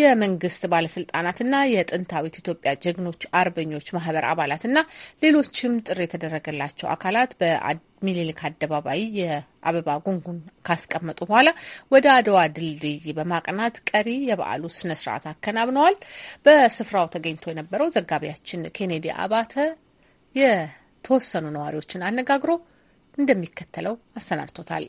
የመንግስት ባለስልጣናትና የጥንታዊት ኢትዮጵያ ጀግኖች አርበኞች ማህበር አባላትና ሌሎችም ጥሪ የተደረገላቸው አካላት በሚኒሊክ አደባባይ የአበባ ጉንጉን ካስቀመጡ በኋላ ወደ አድዋ ድልድይ በማቅናት ቀሪ የበዓሉ ስነስርዓት አከናብነዋል። በስፍራው ተገኝቶ የነበረው ዘጋቢያችን ኬኔዲ አባተ የተወሰኑ ነዋሪዎችን አነጋግሮ እንደሚከተለው አሰናድቶታል።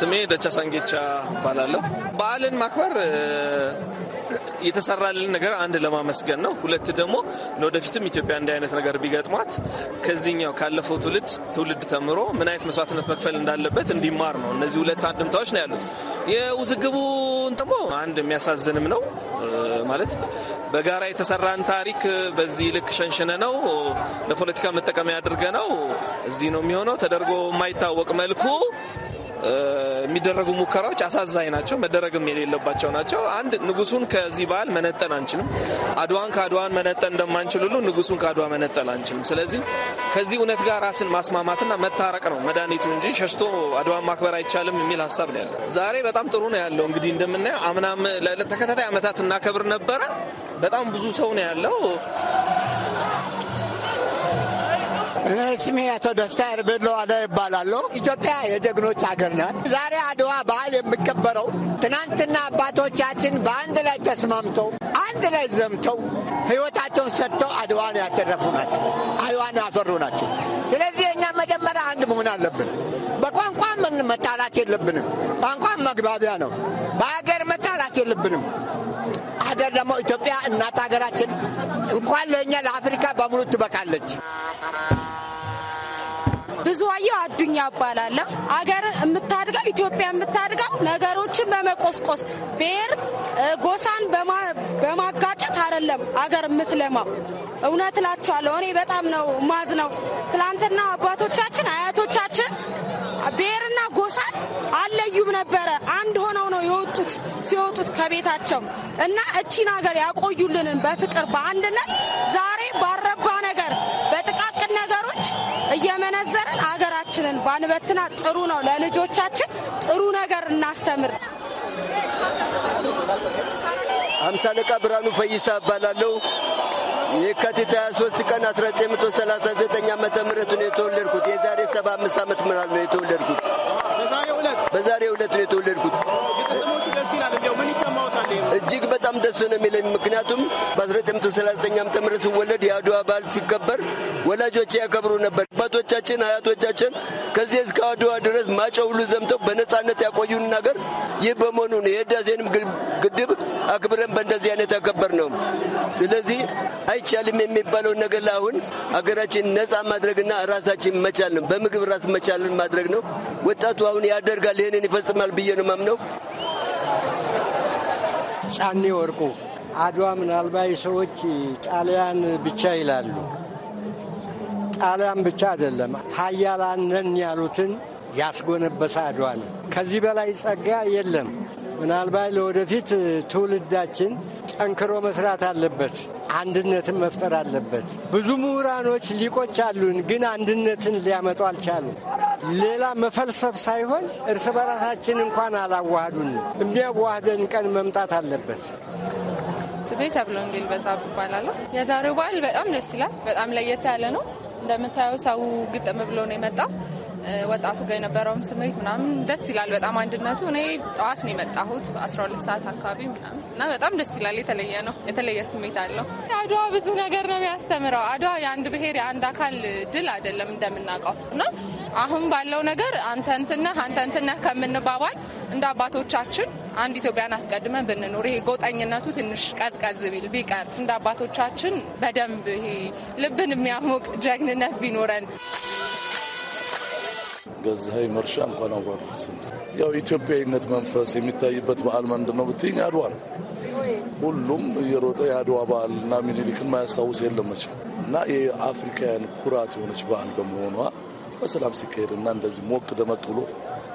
ስሜ ደቻ ሳንጌቻ እባላለሁ። በዓልን ማክበር የተሰራልን ነገር አንድ ለማመስገን ነው። ሁለት ደግሞ ለወደፊትም ኢትዮጵያ እንዲህ አይነት ነገር ቢገጥሟት ከዚህኛው ካለፈው ትውልድ ትውልድ ተምሮ ምን አይነት መስዋዕትነት መክፈል እንዳለበት እንዲማር ነው። እነዚህ ሁለት አንድምታዎች ነው ያሉት። የውዝግቡ ደግሞ አንድ የሚያሳዝንም ነው ማለት በጋራ የተሰራን ታሪክ በዚህ ልክ ሸንሽነ ነው ለፖለቲካ መጠቀሚያ አድርገ ነው እዚህ ነው የሚሆነው ተደርጎ የማይታወቅ መልኩ የሚደረጉ ሙከራዎች አሳዛኝ ናቸው፣ መደረግም የሌለባቸው ናቸው። አንድ ንጉሱን ከዚህ በዓል መነጠን አንችልም። አድዋን ከአድዋን መነጠን እንደማንችል ሁሉ ንጉሱን ከአድዋ መነጠል አንችልም። ስለዚህ ከዚህ እውነት ጋር ራስን ማስማማትና መታረቅ ነው መድኃኒቱ እንጂ ሸሽቶ አድዋን ማክበር አይቻልም የሚል ሀሳብ ነው ያለው። ዛሬ በጣም ጥሩ ነው ያለው። እንግዲህ እንደምናየው አምናም ለተከታታይ ዓመታት እናከብር ነበረ። በጣም ብዙ ሰው ነው ያለው። ስሜ አቶ ደስታ ርብሎ ዋለ ይባላሉ። ኢትዮጵያ የጀግኖች ሀገር ናት። ዛሬ አድዋ በዓል የሚከበረው ትናንትና አባቶቻችን በአንድ ላይ ተስማምተው አንድ ላይ ዘምተው ህይወታቸውን ሰጥተው አድዋን ያተረፉ ናቸው። አድዋን ያፈሩ ናቸው። ስለዚህ መጀመሪያ አንድ መሆን አለብን። በቋንቋ ምን መጣላት የለብንም። ቋንቋ መግባቢያ ነው። በሀገር መጣላት የለብንም። ሀገር ደግሞ ኢትዮጵያ እናት ሀገራችን እንኳን ለእኛ ለአፍሪካ በሙሉ ትበቃለች። ብዙ ብዙአየሁ አዱኛ እባላለሁ። አገር የምታድገው ኢትዮጵያ የምታድገው ነገሮችን በመቆስቆስ ብሔር ጎሳን በማጋጨት አይደለም አገር የምትለማው። እውነት እላችኋለሁ። እኔ በጣም ነው ማዝ ነው። ትላንትና አባቶቻችን አያቶቻችን ብሔርና ጎሳን አለዩም ነበረ። አንድ ሆነው ነው የወጡት ሲወጡት ከቤታቸው እና እቺን ሀገር ያቆዩልንን በፍቅር በአንድነት ዛሬ ባረባ ነገር በጥቃቅን ነገሮች እየመነዘርን ሀገራችንን ባንበትና ጥሩ ነው። ለልጆቻችን ጥሩ ነገር እናስተምር። አምሳ አለቃ ብርሃኑ ፈይሳ እባላለሁ። የካቲት 23 ቀን 1939 ዓ ም ነው የተወለድኩት። የዛሬ 75 ዓመት ምናል ነው የተወለድኩት። በዛሬ ዕለት ነው የተወለድኩት። እጅግ በጣም ደስ ነው የሚለኝ ምክንያቱም በ1939 ዓ ም ስወለድ የአድዋ በዓል ሲከበር ወላጆች ያከብሩ ነበር። አባቶቻችን፣ አያቶቻችን ከዚህ እስከ አድዋ ድረስ ማጨው ሁሉ ዘምተው በነፃነት ያቆዩን ነገር ይህ በመሆኑ ነው። የህዳሴንም ግድብ አክብረን በእንደዚህ አይነት ያከበር ነው። ስለዚህ አይቻልም የሚባለው ነገር ለአሁን ሀገራችን ነፃ ማድረግና ራሳችን መቻል ነው። በምግብ ራስ መቻልን ማድረግ ነው። ወጣቱ አሁን ያደርጋል፣ ይህንን ይፈጽማል ብዬ ነው ማምነው። ጫኔ ወርቁ አድዋ ምናልባት ሰዎች ጣሊያን ብቻ ይላሉ። ጣሊያን ብቻ አይደለም፣ ሀያላን ነን ያሉትን ያስጎነበሰ አድዋ ነው። ከዚህ በላይ ጸጋ የለም። ምናልባት ለወደፊት ትውልዳችን ጠንክሮ መስራት አለበት። አንድነትን መፍጠር አለበት። ብዙ ምሁራኖች፣ ሊቆች አሉን፣ ግን አንድነትን ሊያመጡ አልቻሉም። ሌላ መፈልሰፍ ሳይሆን እርስ በራሳችን እንኳን አላዋህዱን። የሚያዋህደን ቀን መምጣት አለበት። ስሜ ሰብሎንጌል በዛብህ የዛሬው በዓል በጣም ደስ ይላል። በጣም ለየት ያለ ነው። እንደምታየው ሰው ግጥም ብሎ ነው የመጣ ወጣቱ ጋር የነበረውም ስሜት ምናምን ደስ ይላል በጣም አንድነቱ። እኔ ጠዋት ነው የመጣሁት 12 ሰዓት አካባቢ ምናምን እና በጣም ደስ ይላል። የተለየ ነው፣ የተለየ ስሜት አለው። አድዋ ብዙ ነገር ነው የሚያስተምረው። አድዋ የአንድ ብሔር የአንድ አካል ድል አይደለም እንደምናውቀው እና አሁን ባለው ነገር አንተ አንተንትነ አንተ ከምንባባል እንደ አባቶቻችን አንድ ኢትዮጵያን አስቀድመን ብንኖር ይሄ ጎጠኝነቱ ትንሽ ቀዝቀዝ ቢል ቢቀር እንደ አባቶቻችን በደንብ ይሄ ልብን የሚያሞቅ ጀግንነት ቢኖረን ገዛኸኝ መርሻ እንኳን አብሮ ያው ኢትዮጵያዊነት መንፈስ የሚታይበት በዓል ምንድን ነው ብትኝ አድዋ ነው። ሁሉም እየሮጠ የአድዋ በዓል እና ሚኒሊክን ማያስታውስ የለመችም እና የአፍሪካውያን ኩራት የሆነች በዓል በመሆኗ በሰላም ሲካሄድ እና እንደዚህ ሞቅ ደመቅ ብሎ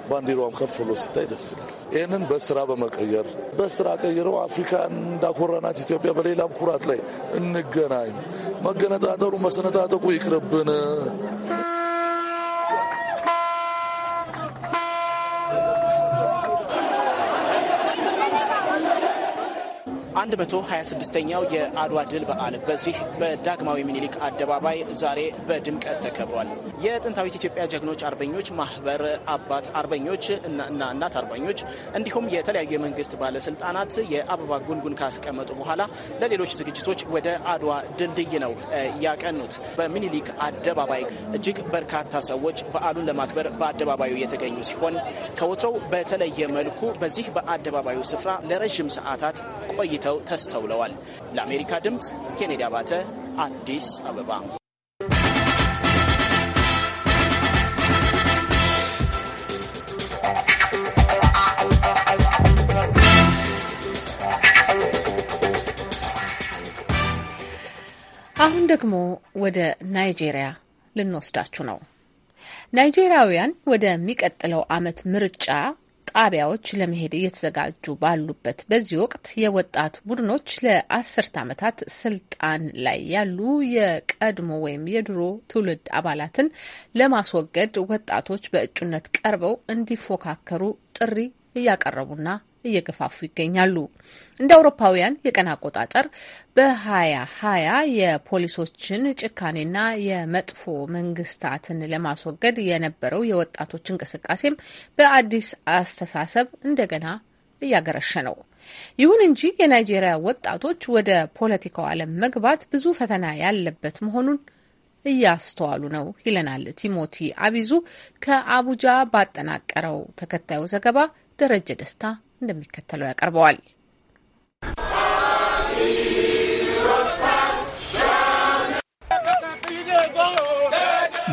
ባንዲራዋም ከፍ ብሎ ሲታይ ደስ ይላል። ይህንን በስራ በመቀየር በስራ ቀይረው አፍሪካ እንዳኮራናት ኢትዮጵያ በሌላም ኩራት ላይ እንገናኝ። መገነጣጠሩ መሰነጣጠቁ ይቅርብን። 126ኛው የአድዋ ድል በዓል በዚህ በዳግማዊ ምኒልክ አደባባይ ዛሬ በድምቀት ተከብሯል። የጥንታዊት ኢትዮጵያ ጀግኖች አርበኞች ማህበር አባት አርበኞች እና እናት አርበኞች እንዲሁም የተለያዩ የመንግስት ባለስልጣናት የአበባ ጉንጉን ካስቀመጡ በኋላ ለሌሎች ዝግጅቶች ወደ አድዋ ድልድይ ነው ያቀኑት። በምኒልክ አደባባይ እጅግ በርካታ ሰዎች በዓሉን ለማክበር በአደባባዩ የተገኙ ሲሆን ከወትሮው በተለየ መልኩ በዚህ በአደባባዩ ስፍራ ለረዥም ሰዓታት ቆይተው ተከስተው ተስተውለዋል። ለአሜሪካ ድምፅ ኬኔዲ አባተ አዲስ አበባ። አሁን ደግሞ ወደ ናይጄሪያ ልንወስዳችሁ ነው። ናይጄሪያውያን ወደሚቀጥለው ዓመት ምርጫ ጣቢያዎች ለመሄድ እየተዘጋጁ ባሉበት በዚህ ወቅት የወጣት ቡድኖች ለአስርት ዓመታት ስልጣን ላይ ያሉ የቀድሞ ወይም የድሮ ትውልድ አባላትን ለማስወገድ ወጣቶች በእጩነት ቀርበው እንዲፎካከሩ ጥሪ እያቀረቡና እየገፋፉ ይገኛሉ። እንደ አውሮፓውያን የቀን አቆጣጠር በ2020 የፖሊሶችን ጭካኔና የመጥፎ መንግስታትን ለማስወገድ የነበረው የወጣቶች እንቅስቃሴም በአዲስ አስተሳሰብ እንደገና እያገረሸ ነው። ይሁን እንጂ የናይጄሪያ ወጣቶች ወደ ፖለቲካው ዓለም መግባት ብዙ ፈተና ያለበት መሆኑን እያስተዋሉ ነው ይለናል ቲሞቲ አቢዙ ከአቡጃ ባጠናቀረው ተከታዩ ዘገባ። ደረጀ ደስታ እንደሚከተለው ያቀርበዋል።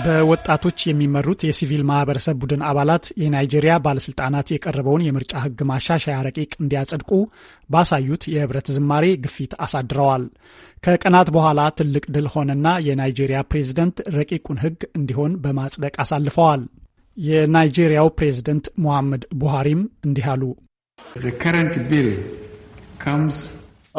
በወጣቶች የሚመሩት የሲቪል ማህበረሰብ ቡድን አባላት የናይጄሪያ ባለስልጣናት የቀረበውን የምርጫ ህግ ማሻሻያ ረቂቅ እንዲያጸድቁ ባሳዩት የህብረት ዝማሬ ግፊት አሳድረዋል። ከቀናት በኋላ ትልቅ ድል ሆነና የናይጄሪያ ፕሬዝደንት ረቂቁን ህግ እንዲሆን በማጽደቅ አሳልፈዋል። የናይጄሪያው ፕሬዝደንት ሙሐመድ ቡሃሪም እንዲህ አሉ።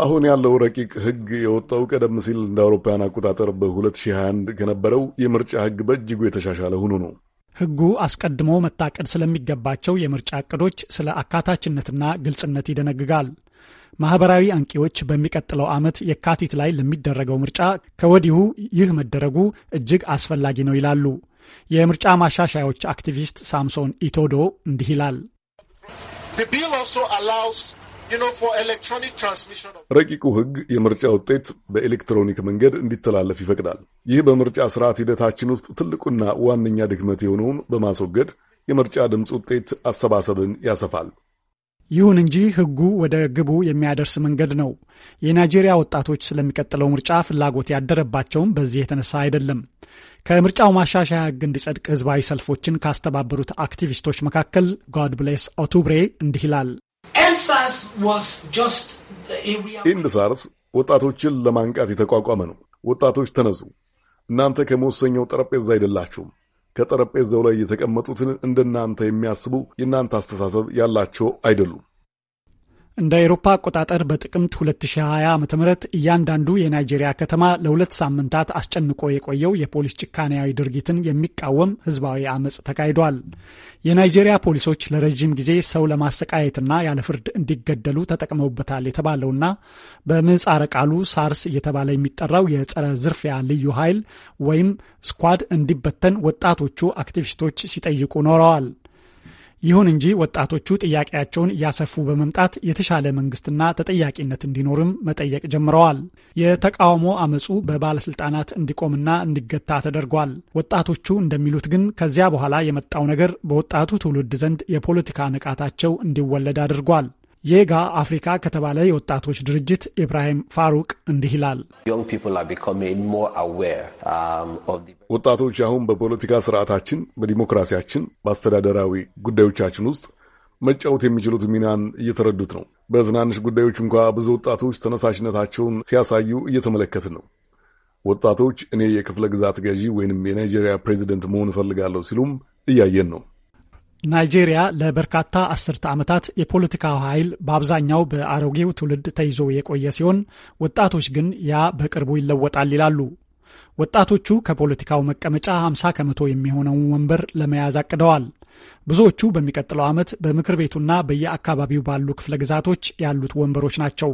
አሁን ያለው ረቂቅ ሕግ የወጣው ቀደም ሲል እንደ አውሮፓውያን አቆጣጠር በ2021 ከነበረው የምርጫ ሕግ በእጅጉ የተሻሻለ ሆኖ ነው። ሕጉ አስቀድሞ መታቀድ ስለሚገባቸው የምርጫ ዕቅዶች፣ ስለ አካታችነትና ግልጽነት ይደነግጋል። ማህበራዊ አንቂዎች በሚቀጥለው ዓመት የካቲት ላይ ለሚደረገው ምርጫ ከወዲሁ ይህ መደረጉ እጅግ አስፈላጊ ነው ይላሉ። የምርጫ ማሻሻያዎች አክቲቪስት ሳምሶን ኢቶዶ እንዲህ ይላል። ረቂቁ ሕግ የምርጫ ውጤት በኤሌክትሮኒክ መንገድ እንዲተላለፍ ይፈቅዳል። ይህ በምርጫ ስርዓት ሂደታችን ውስጥ ትልቁና ዋነኛ ድክመት የሆነውን በማስወገድ የምርጫ ድምፅ ውጤት አሰባሰብን ያሰፋል። ይሁን እንጂ ህጉ ወደ ግቡ የሚያደርስ መንገድ ነው። የናይጄሪያ ወጣቶች ስለሚቀጥለው ምርጫ ፍላጎት ያደረባቸውም በዚህ የተነሳ አይደለም። ከምርጫው ማሻሻያ ህግ እንዲጸድቅ ህዝባዊ ሰልፎችን ካስተባበሩት አክቲቪስቶች መካከል ጋድ ብሌስ ኦቱብሬ እንዲህ ይላል። ኢንድሳርስ ወጣቶችን ለማንቃት የተቋቋመ ነው። ወጣቶች ተነሱ፣ እናንተ ከመወሰኛው ጠረጴዛ አይደላችሁም ከጠረጴዛው ላይ የተቀመጡትን እንደናንተ የሚያስቡ የእናንተ አስተሳሰብ ያላቸው አይደሉም። እንደ አውሮፓ አቆጣጠር በጥቅምት 2020 ዓ.ም እያንዳንዱ የናይጄሪያ ከተማ ለሁለት ሳምንታት አስጨንቆ የቆየው የፖሊስ ጭካኔያዊ ድርጊትን የሚቃወም ህዝባዊ አመፅ ተካሂዷል። የናይጄሪያ ፖሊሶች ለረዥም ጊዜ ሰው ለማሰቃየትና ያለ ፍርድ እንዲገደሉ ተጠቅመውበታል የተባለውና በምህጻረ ቃሉ ሳርስ እየተባለ የሚጠራው የጸረ ዝርፊያ ልዩ ኃይል ወይም ስኳድ እንዲበተን ወጣቶቹ አክቲቪስቶች ሲጠይቁ ኖረዋል። ይሁን እንጂ ወጣቶቹ ጥያቄያቸውን እያሰፉ በመምጣት የተሻለ መንግስትና ተጠያቂነት እንዲኖርም መጠየቅ ጀምረዋል። የተቃውሞ አመፁ በባለስልጣናት እንዲቆምና እንዲገታ ተደርጓል። ወጣቶቹ እንደሚሉት ግን ከዚያ በኋላ የመጣው ነገር በወጣቱ ትውልድ ዘንድ የፖለቲካ ንቃታቸው እንዲወለድ አድርጓል። የጋ አፍሪካ ከተባለ የወጣቶች ድርጅት ኢብራሂም ፋሩቅ እንዲህ ይላል። ወጣቶች አሁን በፖለቲካ ስርዓታችን፣ በዲሞክራሲያችን፣ በአስተዳደራዊ ጉዳዮቻችን ውስጥ መጫወት የሚችሉት ሚናን እየተረዱት ነው። በትናንሽ ጉዳዮች እንኳ ብዙ ወጣቶች ተነሳሽነታቸውን ሲያሳዩ እየተመለከትን ነው። ወጣቶች እኔ የክፍለ ግዛት ገዢ ወይንም የናይጄሪያ ፕሬዚደንት መሆን እፈልጋለሁ ሲሉም እያየን ነው። ናይጄሪያ ለበርካታ አስርተ ዓመታት የፖለቲካ ኃይል በአብዛኛው በአሮጌው ትውልድ ተይዞ የቆየ ሲሆን ወጣቶች ግን ያ በቅርቡ ይለወጣል ይላሉ። ወጣቶቹ ከፖለቲካው መቀመጫ 50 ከመቶ የሚሆነውን ወንበር ለመያዝ አቅደዋል። ብዙዎቹ በሚቀጥለው ዓመት በምክር ቤቱና በየአካባቢው ባሉ ክፍለ ግዛቶች ያሉት ወንበሮች ናቸው።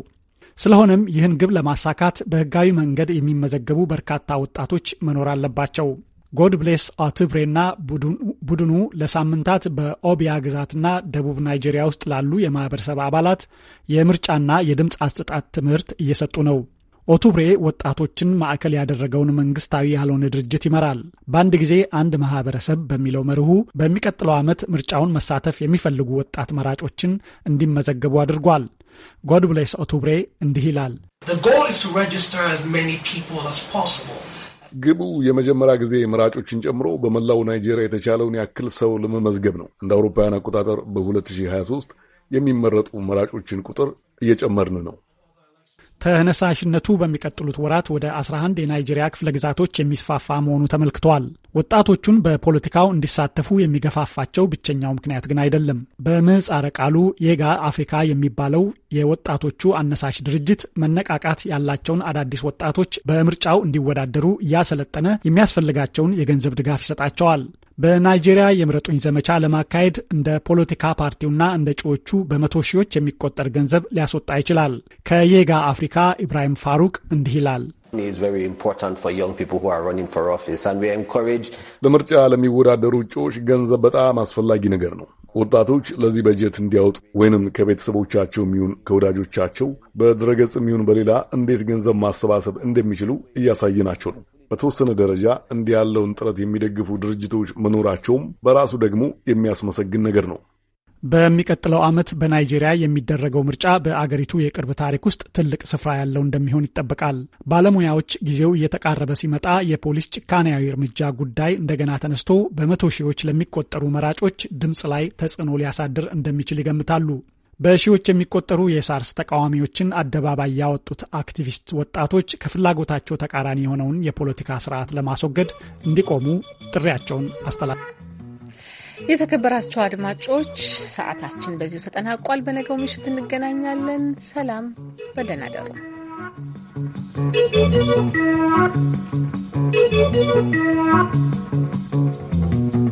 ስለሆነም ይህን ግብ ለማሳካት በህጋዊ መንገድ የሚመዘገቡ በርካታ ወጣቶች መኖር አለባቸው። ጎድ ብሌስ አትብሬና ቡድኑ ለሳምንታት በኦቢያ ግዛትና ደቡብ ናይጄሪያ ውስጥ ላሉ የማህበረሰብ አባላት የምርጫና የድምፅ አሰጣጥ ትምህርት እየሰጡ ነው። ኦቱብሬ ወጣቶችን ማዕከል ያደረገውን መንግስታዊ ያልሆነ ድርጅት ይመራል። በአንድ ጊዜ አንድ ማህበረሰብ በሚለው መርሁ በሚቀጥለው ዓመት ምርጫውን መሳተፍ የሚፈልጉ ወጣት መራጮችን እንዲመዘገቡ አድርጓል። ጎድብሌስ ኦቱብሬ እንዲህ ይላል። ግቡ የመጀመሪያ ጊዜ መራጮችን ጨምሮ በመላው ናይጄሪያ የተቻለውን ያክል ሰው ለመመዝገብ ነው። እንደ አውሮፓውያን አቆጣጠር በ2023 የሚመረጡ መራጮችን ቁጥር እየጨመርን ነው። ተነሳሽነቱ በሚቀጥሉት ወራት ወደ 11 የናይጄሪያ ክፍለ ግዛቶች የሚስፋፋ መሆኑ ተመልክተዋል። ወጣቶቹን በፖለቲካው እንዲሳተፉ የሚገፋፋቸው ብቸኛው ምክንያት ግን አይደለም። በምህጻረ ቃሉ የጋ አፍሪካ የሚባለው የወጣቶቹ አነሳሽ ድርጅት መነቃቃት ያላቸውን አዳዲስ ወጣቶች በምርጫው እንዲወዳደሩ እያሰለጠነ የሚያስፈልጋቸውን የገንዘብ ድጋፍ ይሰጣቸዋል። በናይጄሪያ የምረጡኝ ዘመቻ ለማካሄድ እንደ ፖለቲካ ፓርቲውና እንደ እጩዎቹ በመቶ ሺዎች የሚቆጠር ገንዘብ ሊያስወጣ ይችላል። ከየጋ አፍሪካ ኢብራሂም ፋሩቅ እንዲህ ይላል። በምርጫ ለሚወዳደሩ እጩዎች ገንዘብ በጣም አስፈላጊ ነገር ነው። ወጣቶች ለዚህ በጀት እንዲያወጡ ወይንም ከቤተሰቦቻቸው የሚሆን ከወዳጆቻቸው በድረገጽ የሚሆን በሌላ እንዴት ገንዘብ ማሰባሰብ እንደሚችሉ እያሳየናቸው ነው። በተወሰነ ደረጃ እንዲህ ያለውን ጥረት የሚደግፉ ድርጅቶች መኖራቸውም በራሱ ደግሞ የሚያስመሰግን ነገር ነው። በሚቀጥለው ዓመት በናይጄሪያ የሚደረገው ምርጫ በአገሪቱ የቅርብ ታሪክ ውስጥ ትልቅ ስፍራ ያለው እንደሚሆን ይጠበቃል። ባለሙያዎች ጊዜው እየተቃረበ ሲመጣ የፖሊስ ጭካኔያዊ እርምጃ ጉዳይ እንደገና ተነስቶ በመቶ ሺዎች ለሚቆጠሩ መራጮች ድምፅ ላይ ተጽዕኖ ሊያሳድር እንደሚችል ይገምታሉ። በሺዎች የሚቆጠሩ የሳርስ ተቃዋሚዎችን አደባባይ ያወጡት አክቲቪስት ወጣቶች ከፍላጎታቸው ተቃራኒ የሆነውን የፖለቲካ ስርዓት ለማስወገድ እንዲቆሙ ጥሪያቸውን አስተላልፈዋል። የተከበራቸው አድማጮች ሰዓታችን በዚሁ ተጠናቋል። በነገው ምሽት እንገናኛለን። ሰላም፣ በደህና ደሩ።